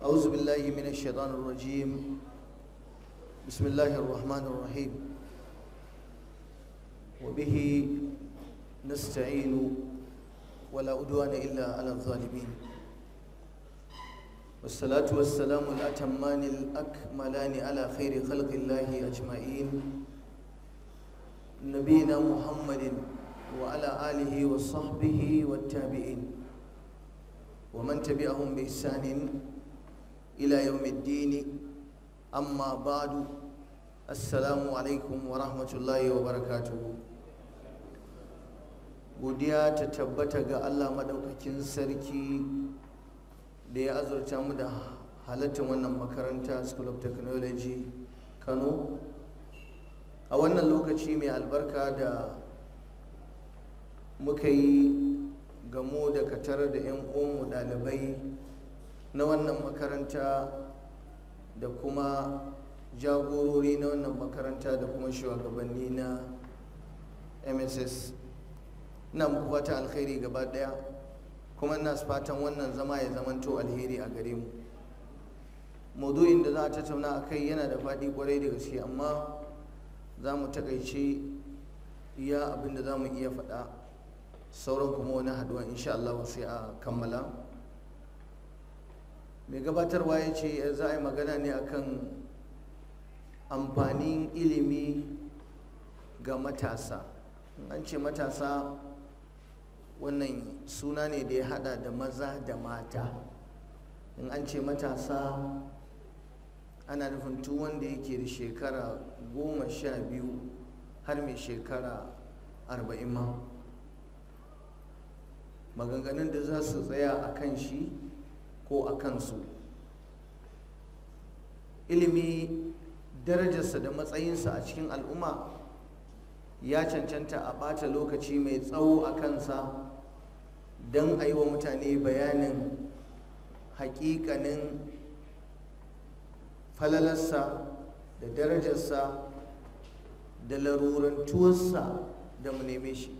أعوذ بالله من الشيطان الرجيم بسم الله الرحمن الرحيم وبه نستعين ولا عدوان إلا على الظالمين والصلاة والسلام الأتمان الأكملان على خير خلق الله أجمعين نبينا محمد وعلى آله وصحبه والتابعين ومن تبعهم بإحسان ila yawmiddini amma ba'du assalamu alaikum wa rahmatullahi wa barakatuhu godiya ta tabbata ga Allah madaukakin sarki da ya azurta mu da halatta wannan makaranta school of technology kano a wannan lokaci mai albarka da muka yi gamo da katar da 'yan uwanmu dalibai. na wannan makaranta da kuma jagorori na wannan makaranta da kuma shugabanni na mss na fata alkhairi gaba daya kuma ina fatan wannan zama ya zamanto alheri a gare mu maudu'in da za a tattauna a kai yana da faɗi kwarai da gaske amma za mu takaice iya abinda za mu iya faɗa sauran kuma wani haduwa insha Allah sai a kammala mai gabatarwa ya ce eh, za a yi magana ne akan amfanin ilimi ga matasa an ce matasa wannan suna ne da ya hada da maza da mata in an ce matasa ana nufin tu wanda yake da shekara goma sha biyu har mai shekara arba'in ma maganganun da za su tsaya a kan shi ko a kansu ilimi darajarsa da matsayinsa a cikin al'umma ya cancanta a bata lokaci mai tsawo a kansa don a yi wa mutane bayanin hakikanin falalarsa da darajarsa da larurantuwarsa da mu neme shi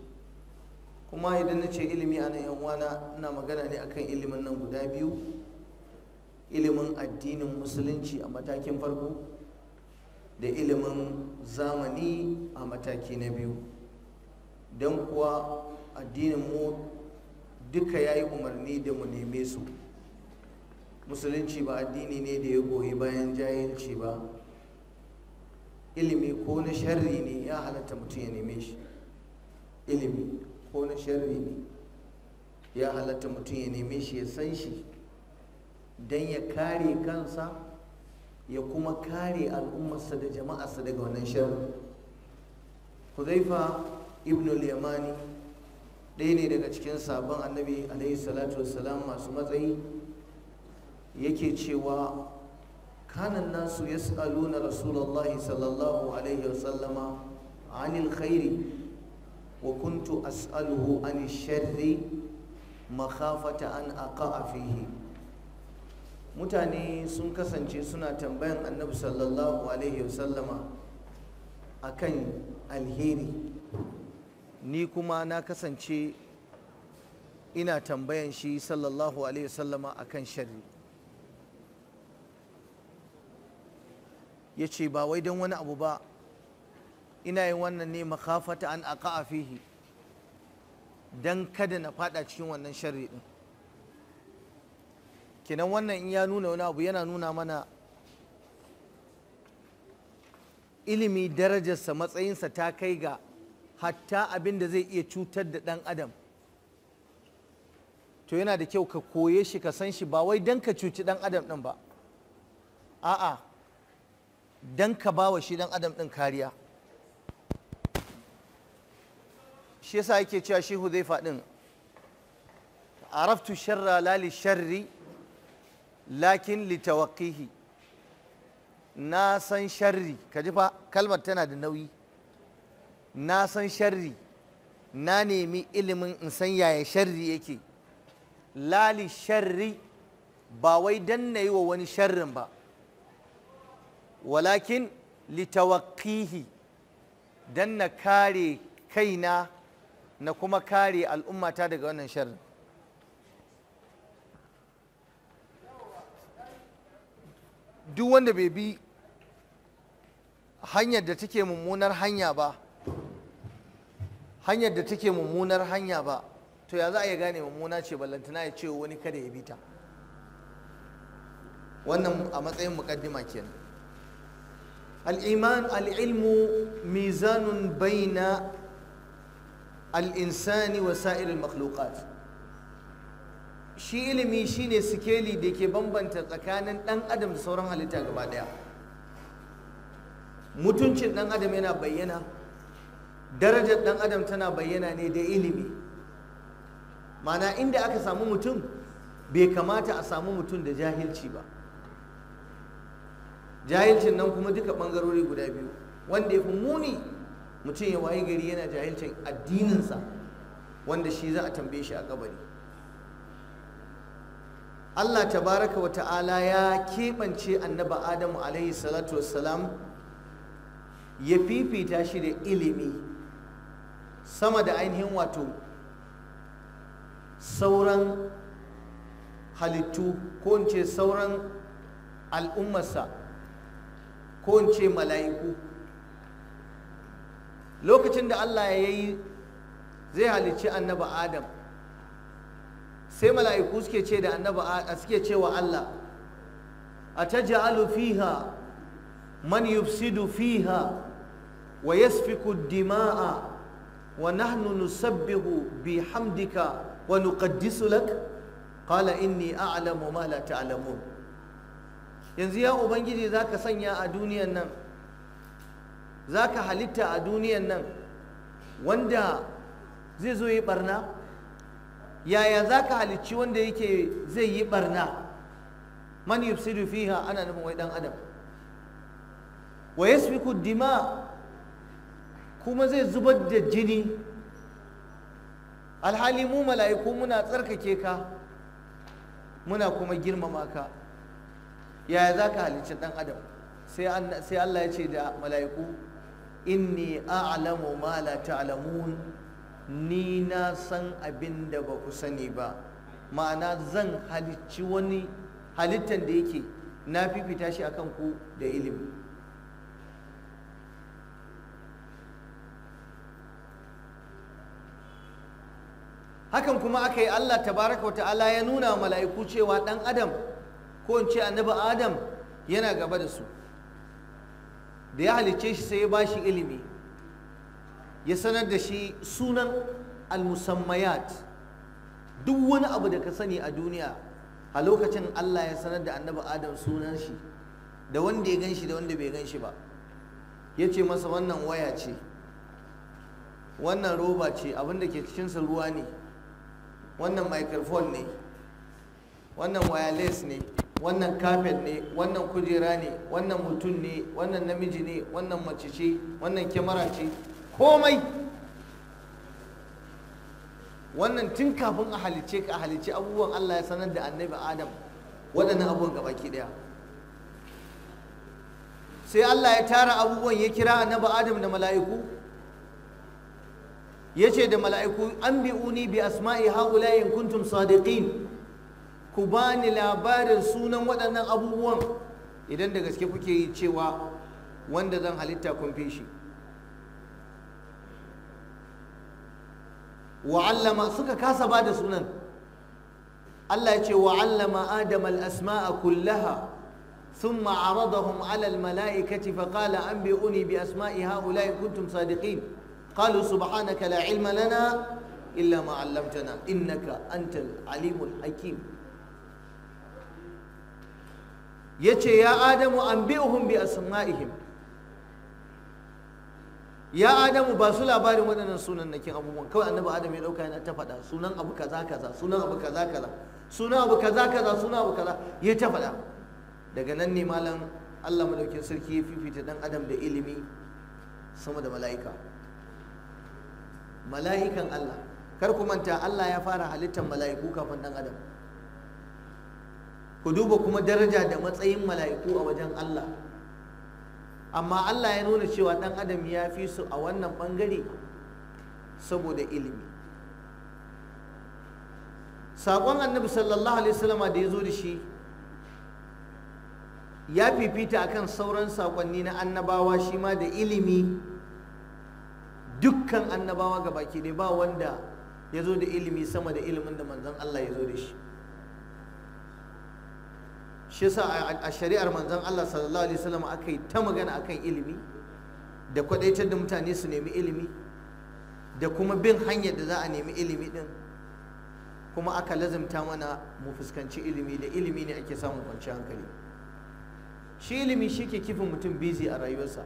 kuma idan na ce ilimi a nan 'yan wana na magana ne akan ilimin nan guda biyu ilimin addinin musulunci a matakin farko da ilimin zamani a mataki na biyu don kuwa addinin mu duka ya yi umarni da mu neme su musulunci ba addini ne da ya goyi bayan jayanci ba ilimi ko na sharri ne ya halatta mutum ya neme shi ilimi ko na sharri ne ya halatta mutum ya neme shi ya san shi don ya kare kansa ya kuma kare al'ummarsa da jama'arsa daga wannan shirin huzaifa ibn yamani ɗaya ne daga cikin sabon annabi alaihi salatu wassalam masu matsayi yake cewa kanan nasu yas'aluna Rasulallah sallallahu alaihi wasallama anil khairi wa kuntu as'aluhu anil sharri makhafata an aqa'a fihi mutane sun kasance suna tambayan annabi sallallahu alaihi wasallama akan alheri ni kuma na kasance ina tambayan shi sallallahu alaihi wasallama akan shari. ya ce ba wai don wani abu ba ina yin wannan ne makafata an a fihi don kada na fada cikin wannan shari'in din kenan wannan in ya nuna wani abu yana nuna mana ilimi darajarsa matsayinsa ta kai ga hatta abin da zai iya cutar da ɗan adam to yana da kyau ka koye shi ka san shi ba wai don ka cuci ɗan adam ɗin ba a'a don ka ba wa shi ɗan adam ɗin kariya shi yasa yake cewa shehu zai faɗin araftu sharra lali sharri lakin litawakihi na san sharri ji fa kalmar tana da nauyi na san sharri na nemi ilimin in san yaya sharri yake lali sharri ba wai dan na yi wa wani sharrin ba walakin litawakihi dan na kare kaina na kuma kare al'ummata daga wannan sharrin duk wanda bai bi hanyar da take mummunar hanya ba hanyar da take mummunar hanya ba to ya za a iya gane mummuna ce ballantana ya ce wani kada ya bi ta wannan a matsayin mukaddima kenan al'iman al'ilmu mizanun baina al'insani wa sa'irin makhluqat shi ilimi shine sikeli da ke bambanta tsakanin ɗan adam da sauran halitta gaba ɗaya mutuncin ɗan adam yana bayyana darajar ɗan adam tana bayyana ne da ilimi mana inda aka samu mutum bai kamata a samu mutum da jahilci ba jahilcin nan kuma duka bangarori guda biyu wanda ya fi muni mutum ya waye gari yana jahilcin addininsa wanda shi za a tambaye shi a kabari Allah tabaraka wa ta'ala ya keɓance annaba Adamu alaihi salatu wassalam ya fifita shi da ilimi sama da ainihin wato sauran halittu ko in ce sauran al'ummarsa ko in ce mala'iku lokacin da Allah ya yi zai halicci annaba Adam sai mala'iku suke ce da annabi suke cewa Allah ataj'alu fiha man yufsidu fiha wa yasfiku dima'a wa nahnu nusabbihu bihamdika wa nuqaddisu lak qala inni a'lamu ma la ta'lamun yanzu ya ubangiji zaka sanya a duniyan nan zaka halitta a duniyan nan wanda zai zo yi barna yaya za ka halicci wanda yake zai yi barna man yufsidu fiha ana nufin wai dan adam wa yasfiku dima kuma zai zubar da jini alhali mu mala'iku muna tsarkake ka muna kuma girmama ka yaya za ka halicci dan adam sai Allah ya ce da mala'iku inni a'lamu ma la ta'lamun ni na san abin da ba ku sani ba ma'ana zan halicci wani halittar da yake na fifita shi akan ku da ilimi hakan kuma aka yi Allah tabaraka wa ta'ala ya nuna mala'iku cewa ɗan adam ko in ce annabi adam yana gaba da su da ya halicce shi sai ya ba shi ilimi ya sanar da shi sunan al-musammayat duk wani abu da ka sani a duniya a lokacin Allah ya sanar da annabi Adam sunan shi da wanda ya gan shi da wanda bai gan shi ba ya ce masa wannan waya ce wannan roba ce abinda ke cikinsa ruwa ne wannan microphone ne wannan wireless ne wannan carpet ne wannan kujera ne wannan mutum ne wannan namiji ne wannan mace ce wannan kyamara ce komai wannan tun kafin a halice ka halice abubuwan Allah ya sanar da annabi Adam waɗannan abubuwan gaba ɗaya sai Allah ya tara abubuwan ya kira annabi Adam da mala'iku ya ce da mala'iku an bi'uni bi asma'i haula in kuntum sadiqin ku bani labarin sunan waɗannan abubuwan idan da gaske kuke yi cewa wanda zan halitta kun fi shi wa'allama suka kasa bada sunan Allah ya ce wa'allama adam al'asma'a kullaha summa ma'ara da hun alal mala'ikaci faƙala an bi uni bi asma'i ha'ula ya kuntum sadiqi ƙalu subhanaka la lana illa ma'allamtana innaka antal alimul hakim ya ce ya adamu an bi uhun bi asma'ihim ya adamu ba su labarin waɗannan sunannakin abubuwan kawai annabi adam ya ɗauka yana ta faɗa sunan abu kaza kaza sunan abu kaza kaza sunan abu kaza kaza sunan abu kaza ya ta faɗa daga nan ne malam Allah madaukin sarki ya fifita dan adam da ilimi sama da mala'ika mala'ikan Allah kar ku manta Allah ya fara halittar mala'iku kafin dan adam ku duba kuma daraja da matsayin mala'iku a wajen Allah amma Allah ya nuna cewa dan adam ya fi su a wannan bangare saboda ilimi saƙon annabi sallallahu alaihi wasallama da ya zo da shi ya fifita akan sauran saƙonni na annabawa shi ma da ilimi dukkan annabawa ga baki ba wanda ya zo da ilimi sama da ilimin da manzon Allah ya zo da shi shi yasa a shari'ar manzon Allah sallallahu alaihi wasallam aka yi ta magana akan ilimi da kwadaitar da mutane su nemi ilimi da kuma bin hanyar da za a nemi ilimi din kuma aka lazimta mana mu fuskanci ilimi da ilimi ne ake samun kwanciyar hankali shi ilimi shi ke kifin mutum busy a rayuwarsa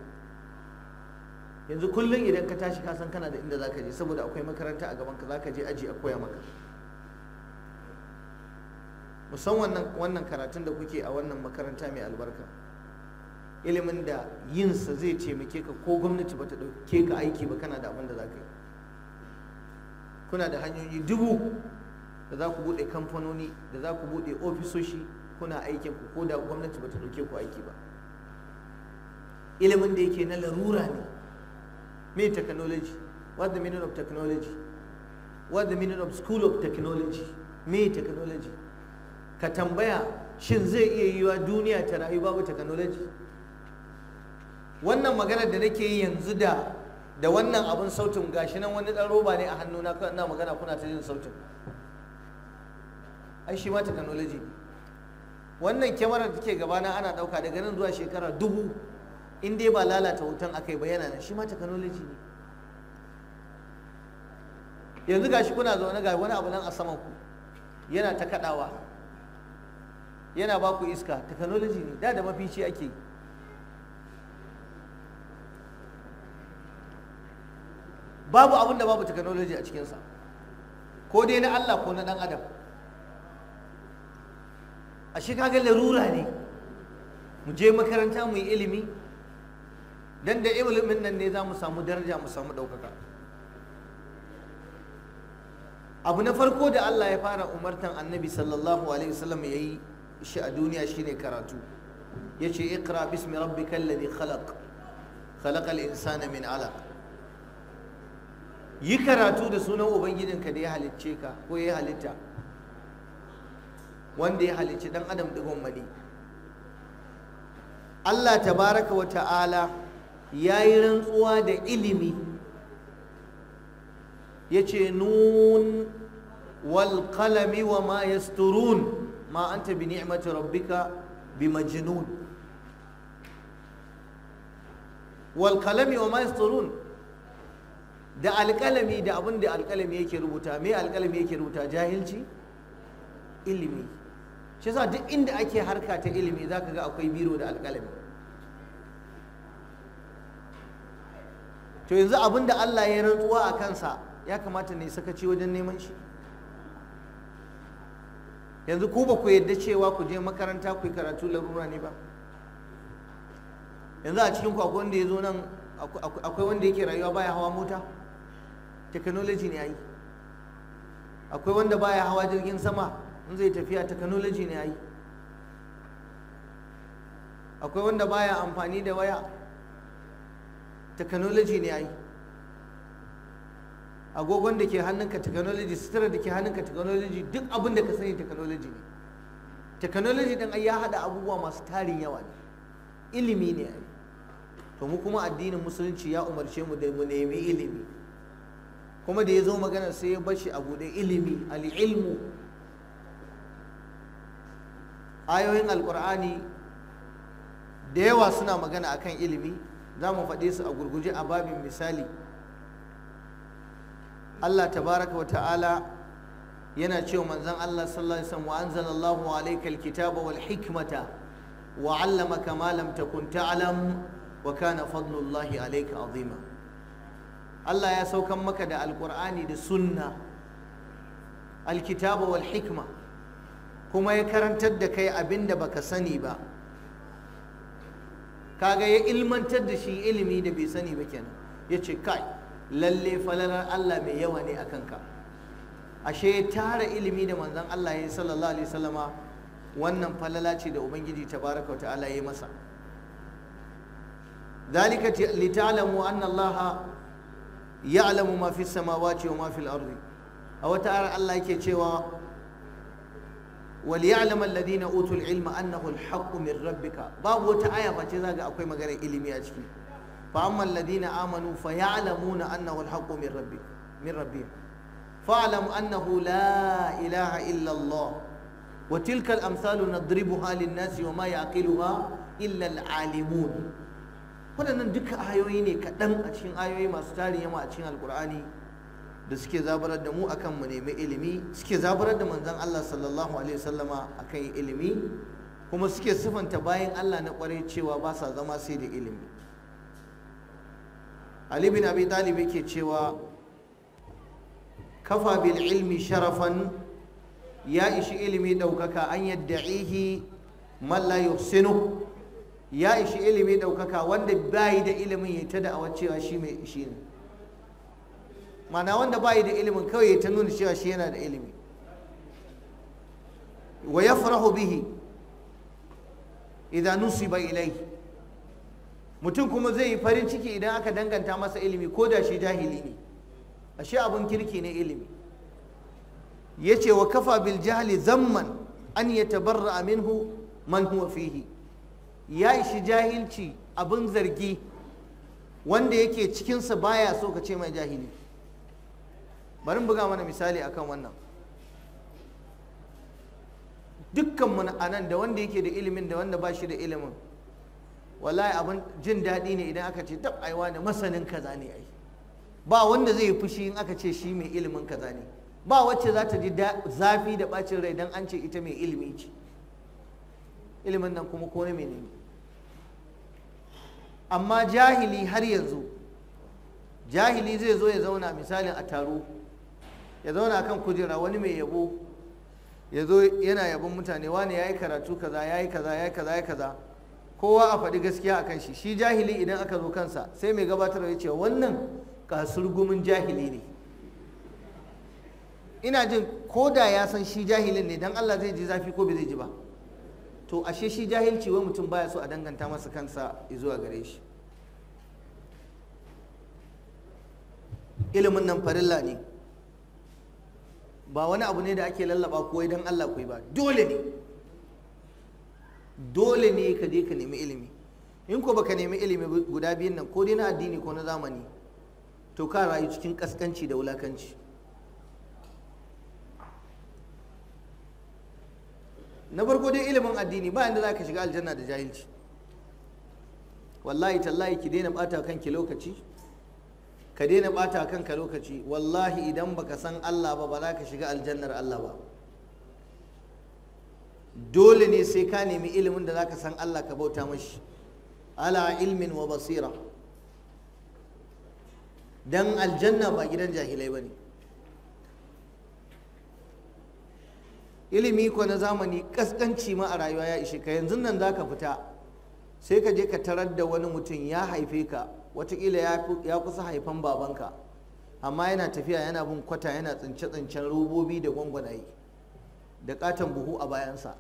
yanzu kullum idan ka tashi ka san kana da inda zaka je saboda akwai makaranta a gaban ka zaka je aji a koya maka musamman wannan karatun da kuke a wannan makaranta mai albarka ilimin da yinsa zai taimake ka ko gwamnati ba ta ɗauke ka aiki ba kana da abin da za ka yi kuna da hanyoyi dubu da za ku buɗe kamfanoni da za ku buɗe ofisoshi kuna aikin ku ko da gwamnati ba ta ɗauke ku aiki ba ilimin da yake na larura ne mai technology what the meaning of technology what the meaning of school of technology mai technology ka tambaya shin zai iya yiwa duniya ta rayu babu technology wannan maganar da nake yi yanzu da da wannan abin sautin gashi nan wani dan roba ne a hannu na magana kuna ta jin sautin ai shi ma technology wannan kyamarar da take gabana ana dauka daga nan zuwa shekara dubu in dai ba lalata hoton akai ba yana nan shi ma technology ne yanzu gashi kuna zaune ga wani abu nan a saman ku yana ta kadawa yana ba ku iska technology ne da da mafici ake babu abin da babu technology a cikinsa ko dai na Allah ko na dan adam a shi kaga larura ne mu je makaranta mu yi ilimi dan da ilimin nan ne za mu samu daraja mu samu ɗaukaka abu na farko da Allah ya fara umartan annabi sallallahu alaihi wasallam ya yi shi a duniya shine karatu yace iqra bismi rabbikal ladhi khalaq khalaqal insana min alaq yi karatu da sunan ubangijinka da ya halicce ka ko ya halitta wanda ya halicci dan adam digon mani Allah tabaraka wa ta'ala yayi rantsuwa da ilimi yace nun wal kalami wa ma yasturun ma anta bi ni'mati rabbika bi majnun wal qalami wa ma da alƙalami da abin da alƙalami yake rubuta me alƙalami yake rubuta jahilci ilimi shi yasa duk inda ake harka ta ilimi za ka ga akwai biro da alƙalami to yanzu abin da Allah ya rantsuwa a kansa ya kamata ne sakaci wajen neman shi yanzu ku ba ku yadda cewa ku je makaranta ku yi karatu larura ne ba yanzu a cikin akwai wanda ya zo nan akwai wanda yake rayuwa baya hawa mota technology ne yi akwai wanda baya hawa jirgin sama in zai tafiya technology ne yi akwai wanda baya amfani da waya technology ne yi. agogon da ke hannunka technology sutura da ke hannunka technology duk abin da ka sani technology ne technology din ya haɗa abubuwa masu tarin yawa ne ilimi ne ai to mu kuma addinin musulunci ya umarce mu da mu nemi ilimi kuma da ya zo magana sai ya bashi a buɗe ilimi ilmu. ayoyin alkur'ani da yawa suna magana akan ilimi za mu faɗe su a gurguje a babin misali Allah tabaraka wa ta'ala yana cewa manzon Allah sallallahu alaihi wasallam wa anzalallahu alayka alkitaba wal hikmata wa 'allamaka ma lam takun ta'lam wa kana alayka azima Allah ya saukan maka da alqur'ani da sunna alkitaba wal hikma kuma ya karantar da kai abinda baka sani ba kaga ya ilmantar da shi ilimi da bai sani ba kenan yace kai Lallai falalar Allah mai yawa ne a kanka ashe tara ilimi da manzan Allah ya sallallahu alaihi wasallama wannan falala ce da ubangiji tabaraka wa ta'ala ya masa dalika li ta'lamu anna Allah ya'lamu ma fis samawati wa ma fil a wata ayar Allah yake cewa wal ya'lam alladhina utul ilma annahu al haqqu min rabbika babu wata aya ba ce zaga akwai maganar ilimi a ciki fa amma alladhina amanu fa na annahu alhaqqu min rabbi min rabbihim annahu la ilaha illa wa tilka al-amsalu nadribuha lin-nasi wa ma yaqiluha illa al-alimun waɗannan duka hayoyi ne kaɗan a cikin ayoyi masu tarin yawa a cikin alkur'ani da suke zabarar da mu akan mu nemi ilimi suke zabarar da manzon Allah sallallahu alaihi wasallama akan ilimi kuma suke sifanta bayan Allah na ƙwarai cewa ba sa zama sai da ilimi ali bin abi talib yake cewa kafa bil ilmi sharafan ya ishi ilimi ɗaukaka an yadda'ihi malla la yuhsinu ya ishi ilimi ɗaukaka wanda bayi da ilimin ya ta da'awar cewa shi mai ishi ne mana wanda bayi da ilimin kawai ya ta nuna cewa shi yana da ilimi wa yafrahu bihi idan nusiba ilai mutum kuma zai yi farin ciki idan aka danganta masa ilimi ko da shi jahili ne ashe abun kirki ne ilimi ya ce wa kafa bil jahili zamman an ya tabarra minhu man huwa fihi ya ishi jahilci abin zargi wanda yake cikinsa baya so ka ce mai jahili bari buga mana misali akan wannan dukkanmu a nan da wanda yake da ilimin da wanda ba shi da ilimin wallahi abin jin daɗi ne idan aka ce tab aiwa ne masanin kaza ne ai ba wanda zai yi fushi in aka ce shi mai ilimin kaza ne ba wacce za ta ji zafi da bacin rai dan an ce ita mai ilimi ce ilimin nan kuma ko na menene amma jahili har yanzu jahili zai zo ya zauna misalin a taro ya zauna kan kujera wani mai yabo ya zo yana yabon mutane wani ya yi karatu kaza ya yi kaza ya yi kaza ya yi kaza kowa a faɗi gaskiya akan shi shi jahili idan aka zo kansa sai mai gabatarwa ya ce wannan kasurgumin jahili ne ina jin ko da ya san shi jahilin ne don Allah zai ji zafi ko bai zai ji ba to ashe shi jahilci wai mutum baya so a danganta masa kansa zuwa gare shi ilimin nan farilla ne ba wani abu ne da ake lallaba ko idan Allah ku ba dole ne dole ne ka je ka nemi ilimi in ko baka nemi ilimi guda biyun nan ko dai na addini ko na zamani to ka rayu cikin kaskanci da wulakanci na farko dai ilimin addini ba yadda za ka shiga aljanna da jahilci wallahi tallahi ki daina bata kanki lokaci ka daina bata kanka lokaci wallahi idan baka san Allah ba ba za ka shiga aljannar Allah ba dole ne sai ka nemi ilimin da zaka san Allah ka bauta mashi ala ilmin wa basira dan aljanna ba gidan jahilai ba ne ilimi ko na zamani kaskanci ma a rayuwa ya ishe ka yanzu nan zaka fita sai ka je ka tarar da wani mutum ya haife ka watakila ya kusa haifan babanka amma yana tafiya yana bin kwata yana tsince-tsincen robobi da gwangwanaye da katon buhu a bayansa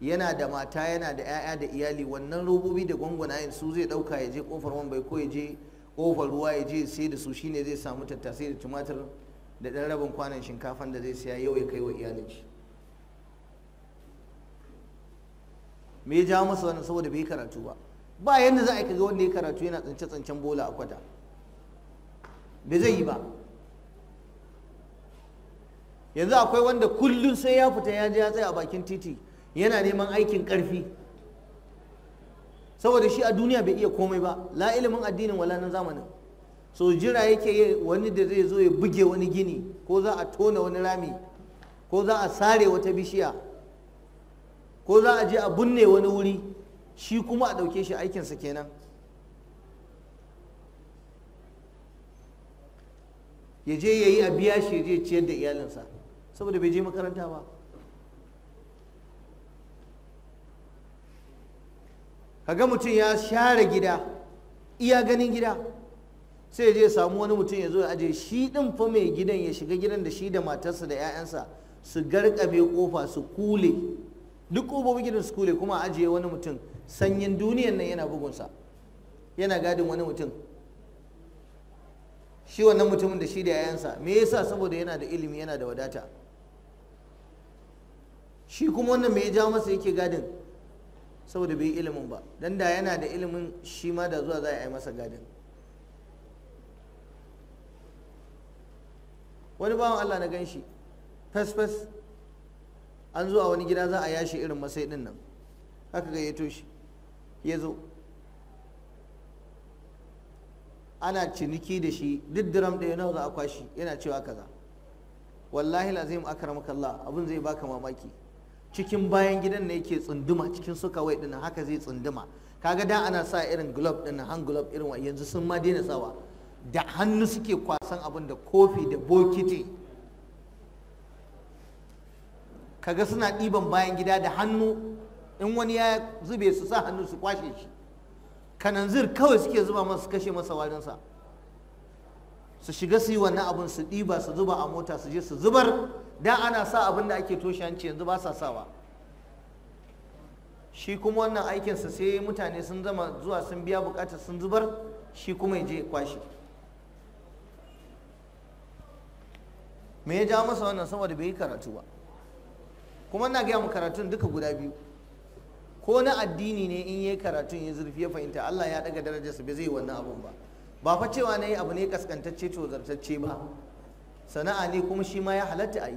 yana da mata yana da 'ya'ya da iyali wannan robobi da gwangwanayen su zai ɗauka ya je kofar man bai ko ya je kofar ruwa ya je sai da su shine zai samu tattasai da tumatir da ɗan rabin kwanan shinkafan da zai siya yau ya kai wa iyalin shi me ya jawo masa wannan saboda bai karatu ba ba yadda za a kaga wanda ya karatu yana tsance-tsancen bola a kwata bai zai yi ba yanzu akwai wanda kullum sai ya fita ya je ya tsaya a bakin titi yana neman aikin ƙarfi saboda shi a duniya bai iya komai ba la ilimin addinin wala na zamanin so jira yake wani da zai zo ya buge wani gini ko za a tona wani rami ko za a sare wata bishiya ko za a je a binne wani wuri shi kuma a ɗauke shi aikinsa kenan ya je ya yi a biya shi ya je ciyar da iyalinsa saboda bai je makaranta ba ga mutum ya share gida iya ganin gida sai je samu wani mutum ya zo ya aje shi din fa mai gidan ya shiga gidan da shi da matarsa da 'ya'yansa su garkabe kofa su kule duk kofofin gidan su kule kuma ajiye wani mutum sanyin duniyan nan yana bugunsa yana gadin wani mutum shi wannan mutumin da shi da 'ya'yansa me yasa saboda yana da ilimi yana da wadata shi kuma wannan me ya ja masa yake gadin saboda bai ilimin ba dan da yana da ilimin shi ma da zuwa za a yi masa gadin wani bawan Allah na gan shi fes-fes an zuwa wani gida za a yashi irin masai din nan haka ya shi ya zo ana ciniki da shi duk diram ɗaya nawa za a kwashi yana cewa kaza wallahi lazim makalla abin zai baka mamaki cikin bayan gidan ne yake tsunduma cikin su kawai din haka zai tsunduma kaga da ana sa irin glove din hand glove irin wa yanzu sun ma daina sawa da hannu suke kwasan abin da kofi da bokiti kaga suna ɗiban bayan gida da hannu in wani ya zube su sa hannu su kwashe shi kananzir kawai suke zuba masa kashe masa warinsa su shiga su yi wannan abin su ɗiba su zuba a mota su je su zubar da ana sa abin da ake toshe hanci yanzu ba sa sawa shi kuma wannan aikinsa sai mutane sun zama zuwa sun biya bukata sun zubar shi kuma ya je kwashi me ya ja masa wannan saboda bai yi karatu ba kuma na gaya mu karatun duka guda biyu ko na addini ne in yi karatun ya zurfi ya fahimta Allah ya daga darajarsa bai zai yi wannan abun ba ba fa cewa na yi abu ne kaskantacce to zartacce ba sana'a ne kuma shi ma ya halatta a yi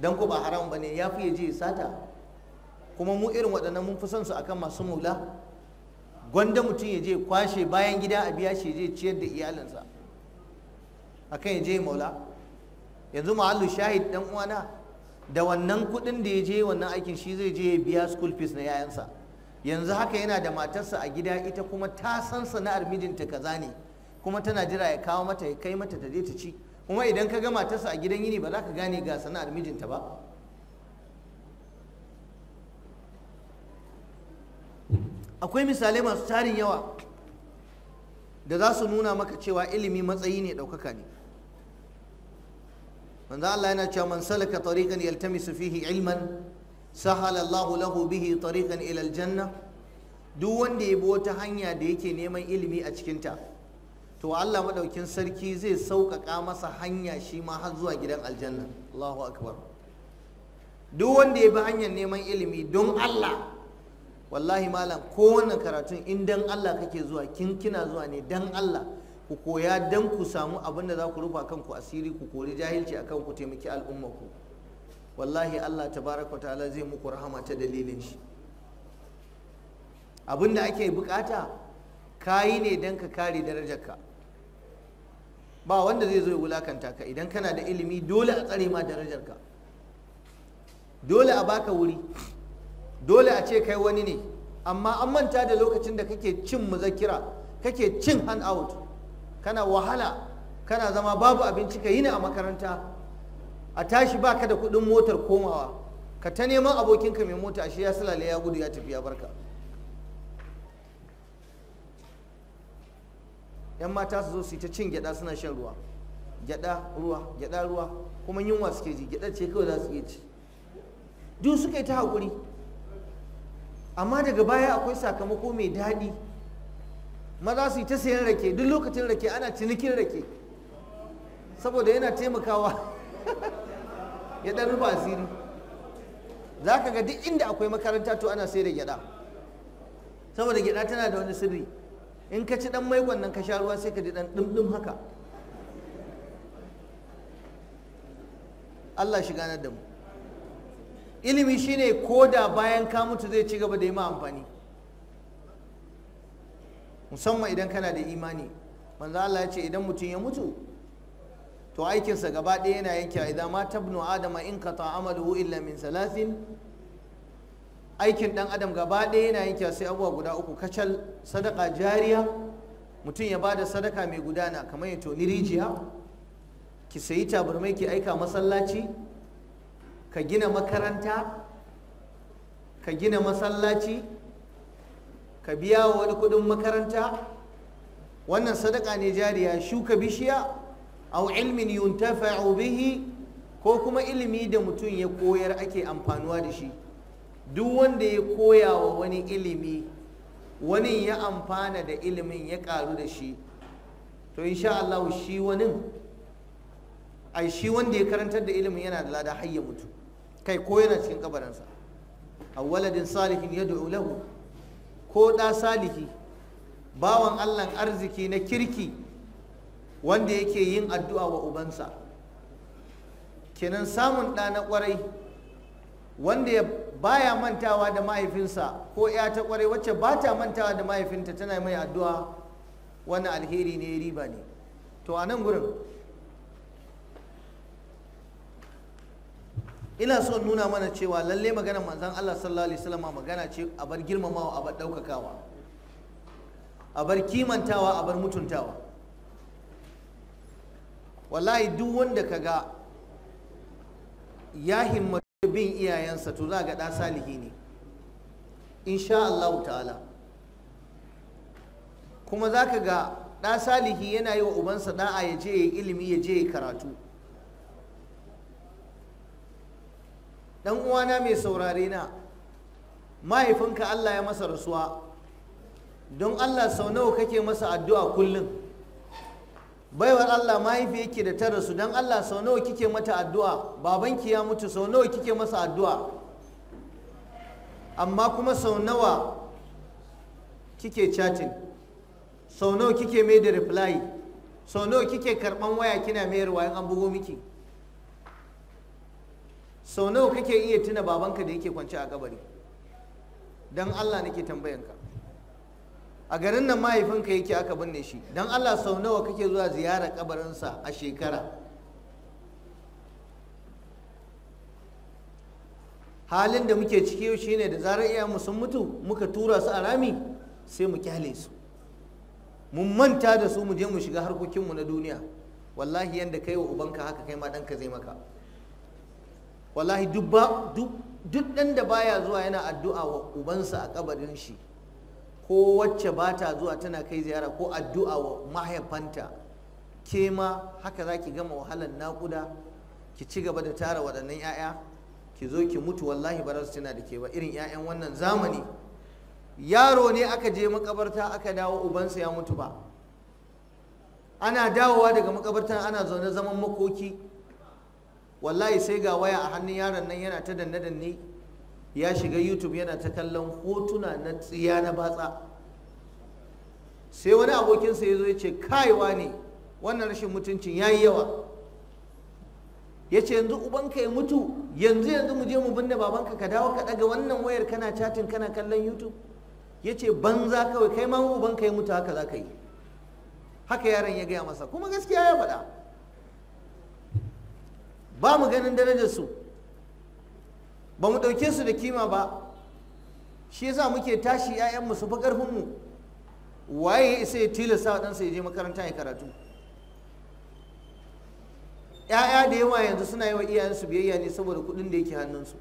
don ko ba haram ba ne ya fi je sata kuma mu irin waɗannan mun fi son su akan masu mula gwanda mutum ya je kwashe bayan gida a biya shi je ciyar da iyalinsa akan ya je maula yanzu ma'allu shahid dan uwana da wannan kuɗin da ya je wannan aikin shi zai je ya biya school fees na yayansa yanzu haka yana da matarsa a gida ita kuma ta san sana'ar mijinta kaza ne kuma tana jira ya kawo mata ya kai mata ta je ta ci kuma idan ka ga matarsa a gidan yini ba za ka gane ga sana'ar mijinta ba akwai misalai masu tarin yawa da za su nuna maka cewa ilimi matsayi ne ɗaukaka ne manzo Allah yana cewa man salaka tariqan yaltamisu fihi ilman sahala Allahu lahu bihi tariqan ila aljanna duk wanda ya bi wata hanya da yake neman ilimi a cikinta to Allah madaukin sarki zai sauƙaƙa masa hanya shi ma har zuwa gidan aljanna Allahu akbar duk wanda ya bi hanyar neman ilimi don Allah wallahi malam ko wannan karatun in dan Allah kake zuwa kin kina zuwa ne dan Allah ku koya dan ku samu abin da za ku rufa kanku asiri ku kori jahilci akan ku taimaki al'umma ku wallahi Allah tabaraka ta'ala zai muku rahama ta dalilin shi abin da ake bukata kayi ne dan ka kare darajarka ba wanda zai zo ya wulakanta ka idan kana da ilimi dole a tsare ma darajarka dole a baka wuri dole a ce kai wani ne amma an manta da lokacin da kake cin muzakira kake cin hand out kana wahala kana zama babu abinci ka yi ne a makaranta a tashi baka da kudin motar komawa ka ta neman abokinka mai mota shi ya sulale ya gudu ya tafi ya barka yan mata su zo su yi ta cin gyada suna shan ruwa gyada ruwa gyada ruwa kuma yunwa suke ji gyada ce kawai za su iya ci duk suka yi ta haƙuri amma daga baya akwai sakamako mai daɗi maza su yi ta sayan rake duk lokacin rake ana cinikin rake saboda yana taimakawa ya ɗan ruba asiri za ka ga duk inda akwai makaranta to ana sai da gyaɗa saboda gyaɗa tana da wani sirri in ka ci dan maigon nan ka sha ruwa sai ka ji dan dumdum haka Allah shi ganar da mu ilimi shine ko da bayan ka mutu zai ci gaba da yi ma amfani musamman idan kana da imani manzo Allah ya ce idan mutum ya mutu to aikinsa gaba ɗaya yana yanke idan ma tabnu adama in qata amaluhu illa min salasin aikin dan adam gaba ɗaya yana yin sai abubuwa guda uku kacal sadaka jariya mutum ya bada sadaka mai gudana kamar ya toni rijiya ki sayi tabarmai ki aika masallaci ka gina makaranta ka gina masallaci ka biya wa wani kudin makaranta wannan sadaka ne jariya shuka bishiya au ilmin yuntafa'u bihi ko kuma ilimi da mutum ya koyar ake amfanuwa da shi duk wanda ya koya wa wani ilimi wani ya amfana da ilimin ya karu da shi to insha Allah shi wani ai shi wanda ya karantar da ilimin yana da lada hayya mutu kai ko yana cikin kabarinsa awwaladin salihin yad'u lahu ko da salihi bawan Allah arziki na kirki wanda yake yin addu'a wa ubansa kenan samun ɗa na kwarai wanda ya baya mantawa da mahaifinsa ko ya ta kware wacce ba ta mantawa da mahaifinta tana mai addu'a wannan alheri ne riba ne to a nan gurin ina so nuna mana cewa lalle maganar manzan Allah sallallahu alaihi wasallam magana ce a bar girmamawa a bar daukakawa a bar kimantawa a bar mutuntawa wallahi duk wanda kaga ya himmatu bin iyayensa to za ga ɗa salihi ne insha Allah ta'ala kuma za ka ga ɗa salihi yana yi wa ubansa ɗa'a ya je ya ilimi ya je ya karatu ɗan uwana mai saurare na mahaifinka Allah ya masa rasuwa don Allah sau nawa kake masa addu'a kullum baiwar Allah mahaifi yake da tara su don Allah sau nawa kike mata addu'a babanki ya mutu sau nawa kike masa addu'a amma kuma sau nawa kike chatting sau nawa kike mai da reply sau nawa kike karban waya kina mayarwa in an bugo miki sau nawa kake iya tuna babanka da yake kwance a kabari don Allah nake tambayanka a garin nan mahaifinka yake aka binne shi don allah sau nawa kake zuwa ziyarar kabarinsa a shekara halin da muke ciki shi ne da zarar iya sun mutu muka tura su a rami sai mu kyale su mun manta da su mu je mu shiga harkokinmu na duniya wallahi yadda kai wa ubanka haka kai ma ɗanka zai maka wallahi duk ɗan da baya zuwa yana addu'a wa ubansa a kabarin shi ko wacce ba ta zuwa tana kai ziyara ko addu'a wa mahaifanta ke ma haka za ki gama wahalar naƙuda ki ci gaba da tara waɗannan 'ya'ya ki zo ki mutu wallahi ba za su tana da ke ba irin 'ya'yan wannan zamani yaro ne aka je makabarta aka dawo ubansa ya mutu ba ana dawowa daga makabarta ana zaune zaman makoki wallahi sai ga waya a hannun yaron nan yana ta danne-danne ya shiga youtube yana ta kallon hotuna na tsiya na batsa sai wani abokinsa ya zo ya ce kaiwa ne wannan rashin mutuncin ya yi yawa ya ce yanzu ubanka ya mutu yanzu yanzu mu je mu binne babanka ka dawo ka daga wannan wayar kana chatin kana kallon youtube ya ce banza kawai kai ma ubanka ya mutu haka za ka yi haka yaron ya gaya masa kuma gaskiya ya faɗa ba mu ganin darajarsu ba mu ɗauke su da kima ba shi yasa muke tashi 'ya'yanmu su fi ƙarfinmu waye ya isa ya tilasta wa ɗansa ya je makaranta ya karatu ‘ya'ya da yawa yanzu suna yi wa iyayensu biyayya ne saboda kuɗin da yake hannunsu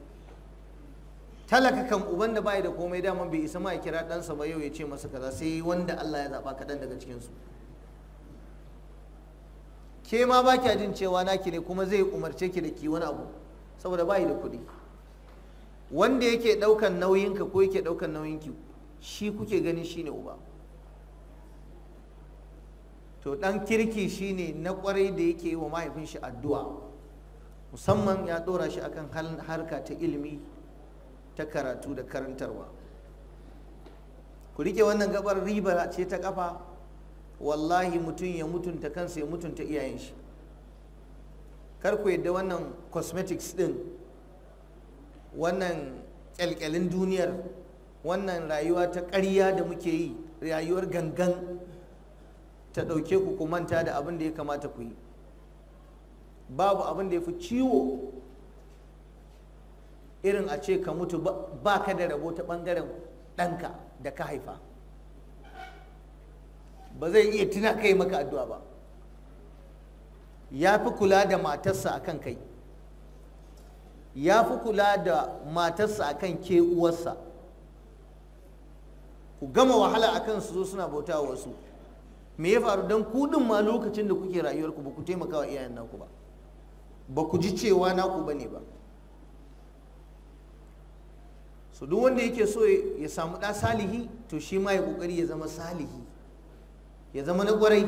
talaka kan uban da bai da komai dama bai isa ma ya kira ɗansa ba yau ya ce masa kaza sai wanda Allah ya zaɓa kaɗan daga cikinsu ke ma ba kya jin cewa naki ne kuma zai umarce ki da ki wani abu saboda bai da kuɗi wanda yake ɗaukan nauyinka ko yake ɗaukan nauyinki shi kuke ganin shine uba to ɗan kirki shine na kwarai da yake yi wa mahaifin shi addu'a musamman ya ɗora shi akan harka ta ilimi ta karatu da karantarwa ku rike wannan gabar riba ce ta kafa wallahi mutum ya mutunta kansa ya mutunta iyayen shi kar ku yadda wannan cosmetics ɗin wannan kyalkyalin duniyar wannan rayuwa ta karya da muke yi rayuwar gangan ta ɗauke ku ku manta da abin da ya kamata ku yi babu abin da ya fi ciwo irin a ce ka mutu ba ka da rabo ta ɓangaren ɗanka da ka haifa ba zai iya tuna kai maka addu'a ba ya fi kula da matarsa akan kai ya fi kula da matarsa akan ke uwarsa ku gama wahala akan su zo suna bauta wasu me ya faru don kuɗin ma lokacin da kuke rayuwarku ba ku taimaka wa iyayen naku ba ba ku ji cewa naku ba ne ba su duk wanda yake so ya samu ɗa salihi to shi ma ya ƙoƙari ya zama salihi ya zama na ƙwarai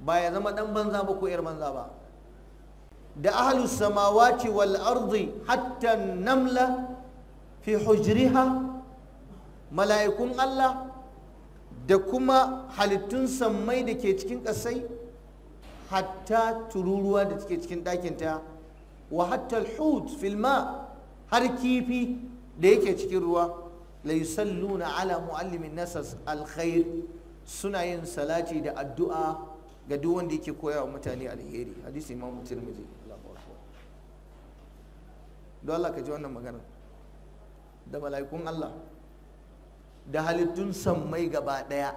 ba ya zama ɗan banza ba ko 'yar banza ba da ahlus samawati wal ardi hatta namla fi hujriha mala'ikun Allah da kuma halittun sammai da ke cikin ƙasai hatta tururuwa da cikin ɗakinta wa hatta al-hut filma har kifi da yake cikin ruwa la yusalluna ala muallimin nasas alkhair suna yin salati da addu'a ga duk wanda yake koya wa mutane alheri hadisi imam tirmidhi don Allah ka ji wannan magana da mala'ikun Allah da halittun sammai gaba ɗaya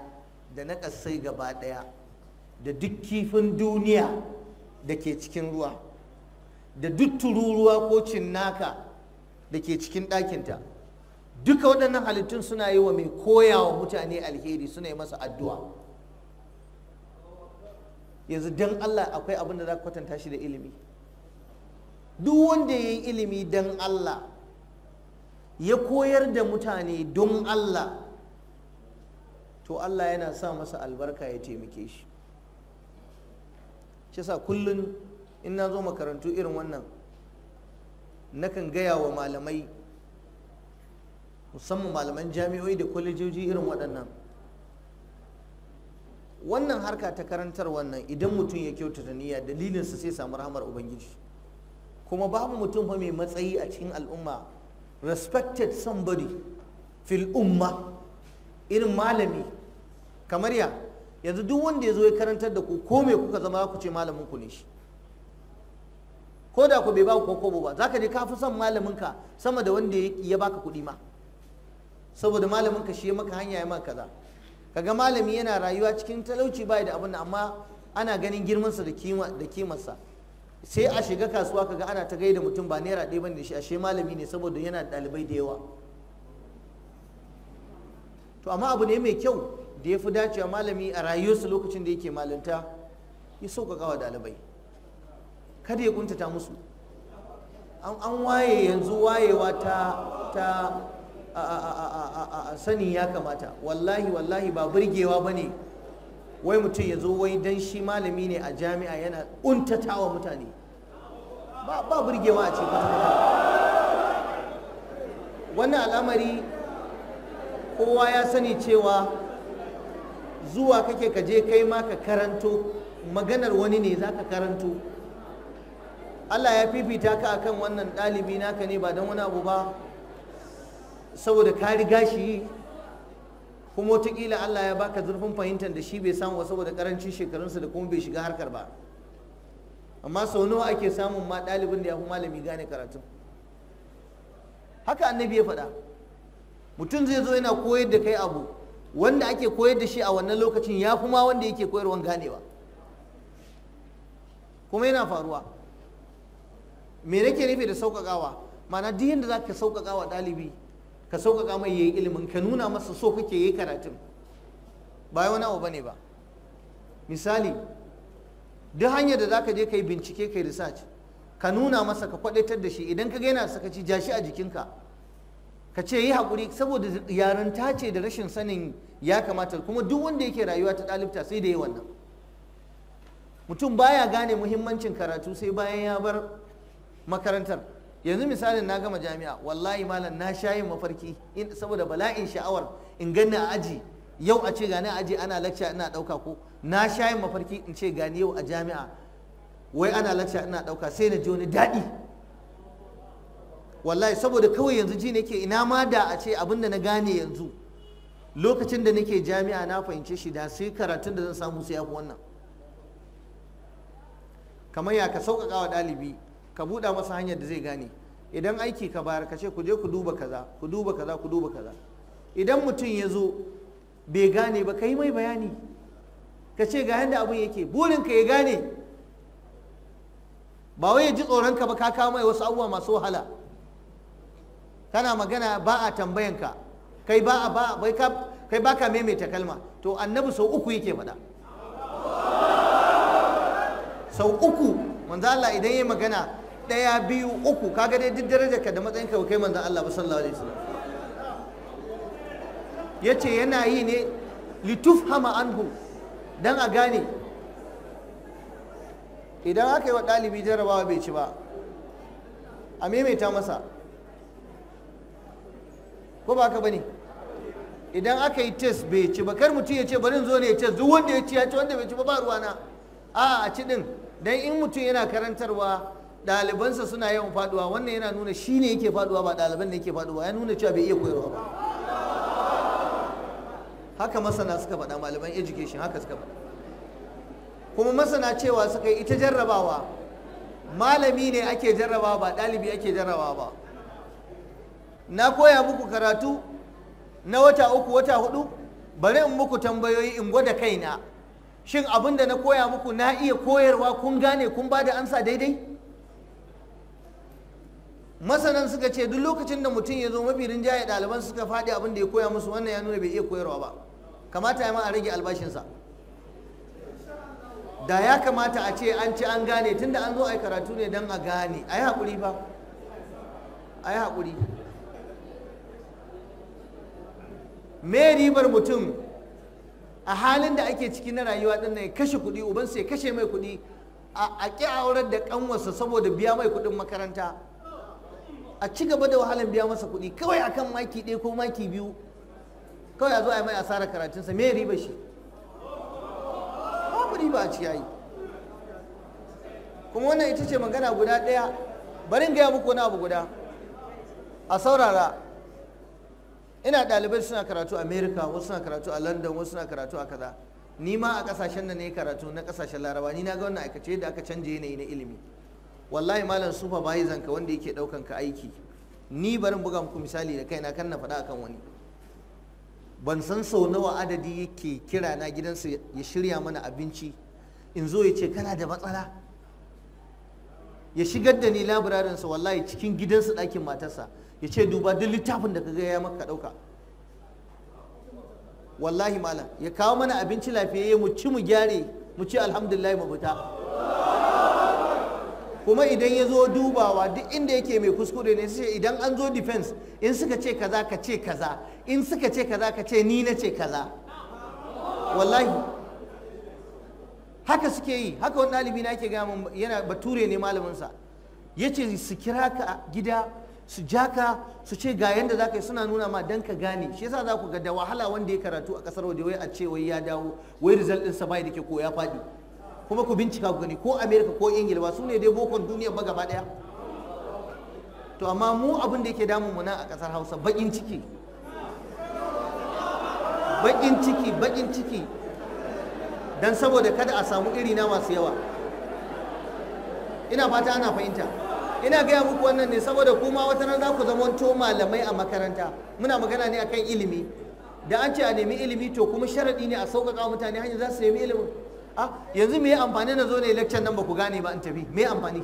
da na gaba ɗaya da duk kifin duniya da ke cikin ruwa da duk tururuwa ko cinnaka da ke cikin ɗakinta duka waɗannan halittun suna yi wa mai koya wa mutane alheri suna yi masa addu'a yanzu don Allah akwai abin da za kwatanta shi da ilimi duk wanda ya yi ilimi don Allah ya koyar da mutane don Allah to Allah yana sa masa albarka ya taimake shi shi sa kullum in na zo makarantu irin wannan nakan gaya wa malamai musamman malaman jami'oi da kwalejoji irin waɗannan wannan harka ta karantar wannan idan mutum ya kyautata niyya dalilinsa sai samu rahamar ubangiji kuma babu mutum fa mai matsayi a cikin al'umma respected somebody fil umma irin malami kamar ya yanzu duk wanda ya zo ya karantar da ku ko me kuka zama ku ce malamin ku ne shi ko da ku bai ba ku kobo ba zaka je ka fi son malamin ka sama da wanda ya baka kuɗi ma saboda malamin ka shi ya maka hanya ya maka kaza kaga malami yana rayuwa cikin talauci bai da abin amma ana ganin girman girmansa da kimarsa sai a shiga kasuwa kaga ana ta gaida mutum ba naira ɗaya bane shi ashe malami ne saboda yana da ɗalibai da yawa to amma abu ne mai kyau da ya fi dacewa malami a rayuwarsa lokacin da yake malinta ya sauƙaƙa wa ɗalibai kada ya kuntata musu an waye yanzu wayewa ta a sani ya kamata wallahi wallahi ba burgewa ba ne wai mutum ya zo wai dan shi malami ne a jami'a yana untatawa mutane ba burgewa a ce wannan al'amari kowa ya sani cewa zuwa kake ka je kai ma ka karanto maganar wani ne za ka karanto Allah ya fifita ka akan wannan ɗalibi naka ne ba don wani abu ba saboda ka riga shi kuma wataƙila Allah ya baka zurfin fahimtar da shi bai samu saboda karancin shekarunsa da kuma bai shiga harkar ba amma sau nawa ake samun ma ɗalibin da ya fi malami gane karatu haka annabi ya faɗa mutum zai zo yana koyar da kai abu wanda ake koyar da shi a wannan lokacin ya fi ma wanda yake koyarwan ganewa kuma yana faruwa me nake nufi da sauƙaƙawa ma'ana duk yadda za ka sauƙaƙawa ɗalibi ka sauƙaƙa mai yayi ilimin ka nuna masa so kake yi karatun ba wani abu bane ba misali duk hanyar da zaka je kai bincike kai research ka nuna masa ka kwadaitar da shi idan ka ga yana sakaci ja shi a jikinka ka ce yi haƙuri saboda yarinta ce da rashin sanin ya kamata kuma duk wanda yake rayuwa ta ɗalibta sai da yi wannan mutum baya gane muhimmancin karatu sai bayan ya bar makarantar yanzu misalin na gama jami'a wallahi malam na sha yin mafarki saboda bala'in sha'awar in gani a aji yau a ce gani a aji ana lacca ina ɗauka ko na sha yin mafarki in ce gani yau a jami'a wai ana lacca ina ɗauka sai na ji wani daɗi wallahi saboda kawai yanzu ji nake ina ma da a ce abin da na gane yanzu lokacin da nake jami'a na fahimce shi da sai karatun da zan samu sai ya fi wannan kamar ya ka sauƙaƙa wa ɗalibi ka buɗa masa hanyar da zai gane idan aiki ka bayar ka ce ku je ku duba kaza ku duba kaza ku duba kaza idan mutum ya zo bai gane ba ka yi mai bayani ka ce ga yadda abin yake burin ka ya gane ba wai ya ji tsoron ka ba ka kawo mai wasu abubuwa masu wahala kana magana ba a tambayan ka kai ba a ba kai ba ka maimaita kalma to annabi sau uku yake faɗa sau uku manzo Allah idan ya magana ɗaya biyu uku kaga dai duk darajarka da ka kai manzon Allah sallallahu alaihi wasallam yace yana yi ne litufhama anhu dan a gane idan aka yi wa ɗalibi jarabawa bai ci ba a maimaita masa ko ba ka bane idan aka yi test bai ci ba kar mutum ya ce bari zo ne ya ce duk wanda ya ci ya ci wanda bai ci ba ba ruwana a a ci din dan in mutum yana karantarwa ɗalibansa suna yawan faduwa wannan yana nuna shi ne yake faduwa ba ɗaliban ne yake faduwa ya nuna cewa bai iya koyarwa ba haka masana suka faɗa malaman education haka suka faɗa kuma masana cewa suka yi ita jarrabawa malami ne ake jarrabawa ba ɗalibi ake jarrabawa ba na koya muku karatu na wata uku wata hudu bari in muku tambayoyi in gwada kaina shin abin da na koya muku na iya koyarwa kun gane kun ba da ansa daidai masanan suka ce duk lokacin da mutum ya zo mafi rinjaye ɗaliban suka faɗi abin da ya koya musu wannan ya nuna bai iya koyarwa ba kamata ya ma a rage albashinsa da ya kamata a ce an ci an gane tunda an zo a yi karatu ne don a gane a yi haƙuri ba a yi haƙuri me ribar mutum a halin da ake ciki na rayuwa ɗin nan kashe kuɗi uban sai kashe mai kuɗi a ƙi aurar da ƙanwarsa saboda biya mai kuɗin makaranta a ci gaba da wahalar biya masa kuɗi kawai akan maki ɗaya ko maki biyu kawai a zo a yi mai asarar karatunsa me riba shi babu riba a ciyayi kuma wannan ita ce magana guda ɗaya barin gaya muku wani abu guda a saurara ina ɗalibai suna karatu a america wasu suna karatu a london wasu suna karatu a kaza ni ma a ƙasashen da na yi karatu na ƙasashen larabani na ga wannan aikace da aka canje yanayi na ilimi wallahi malam supervisor ka wanda yake daukan ka aiki ni barin buga muku misali da kaina kan na faɗa akan wani ban san sau nawa adadi yake kira na gidansa ya shirya mana abinci in zo ya ce kana da matsala ya shigar da ni labirarinsa wallahi cikin gidansu ɗakin matarsa ya ce duba duk littafin da ka ga ya maka ɗauka wallahi malam ya kawo mana abinci lafiyayye mu ci mu gyare mu ci alhamdulillah mu fita kuma idan ya zo dubawa duk inda yake mai kuskure ne sai idan an zo defense in suka ce kaza ka ce kaza in suka ce kaza ka ce ni na ce kaza wallahi haka suke yi haka wani ɗalibi na yake gama yana bature ne malaminsa ya ce su kira ka gida su ja ka su ce ga yanda za ka yi suna nuna ma dan ka gane shi yasa za ku ga da wahala wanda ya karatu a kasar waje wai a ce wai ya dawo wai result ɗinsa bai da ke ko ya faɗi kuma ku bincika ku gani ko america ko ingila ba su ne dai bokon duniya ba gaba daya to amma mu abin da yake damun muna nan a kasar hausa bakin ciki bakin ciki bakin ciki dan saboda kada a samu iri na masu yawa ina fata ana fahimta ina gaya muku wannan ne saboda kuma wata nan za ku zamanto malamai a makaranta muna magana ne akan ilimi da an ce a nemi ilimi to kuma sharadi ne a sauƙaƙa mutane hanyar za su nemi ilimin a ah, yanzu me amfani na zo ne lecture nan ba ku gane ba in tafi me amfani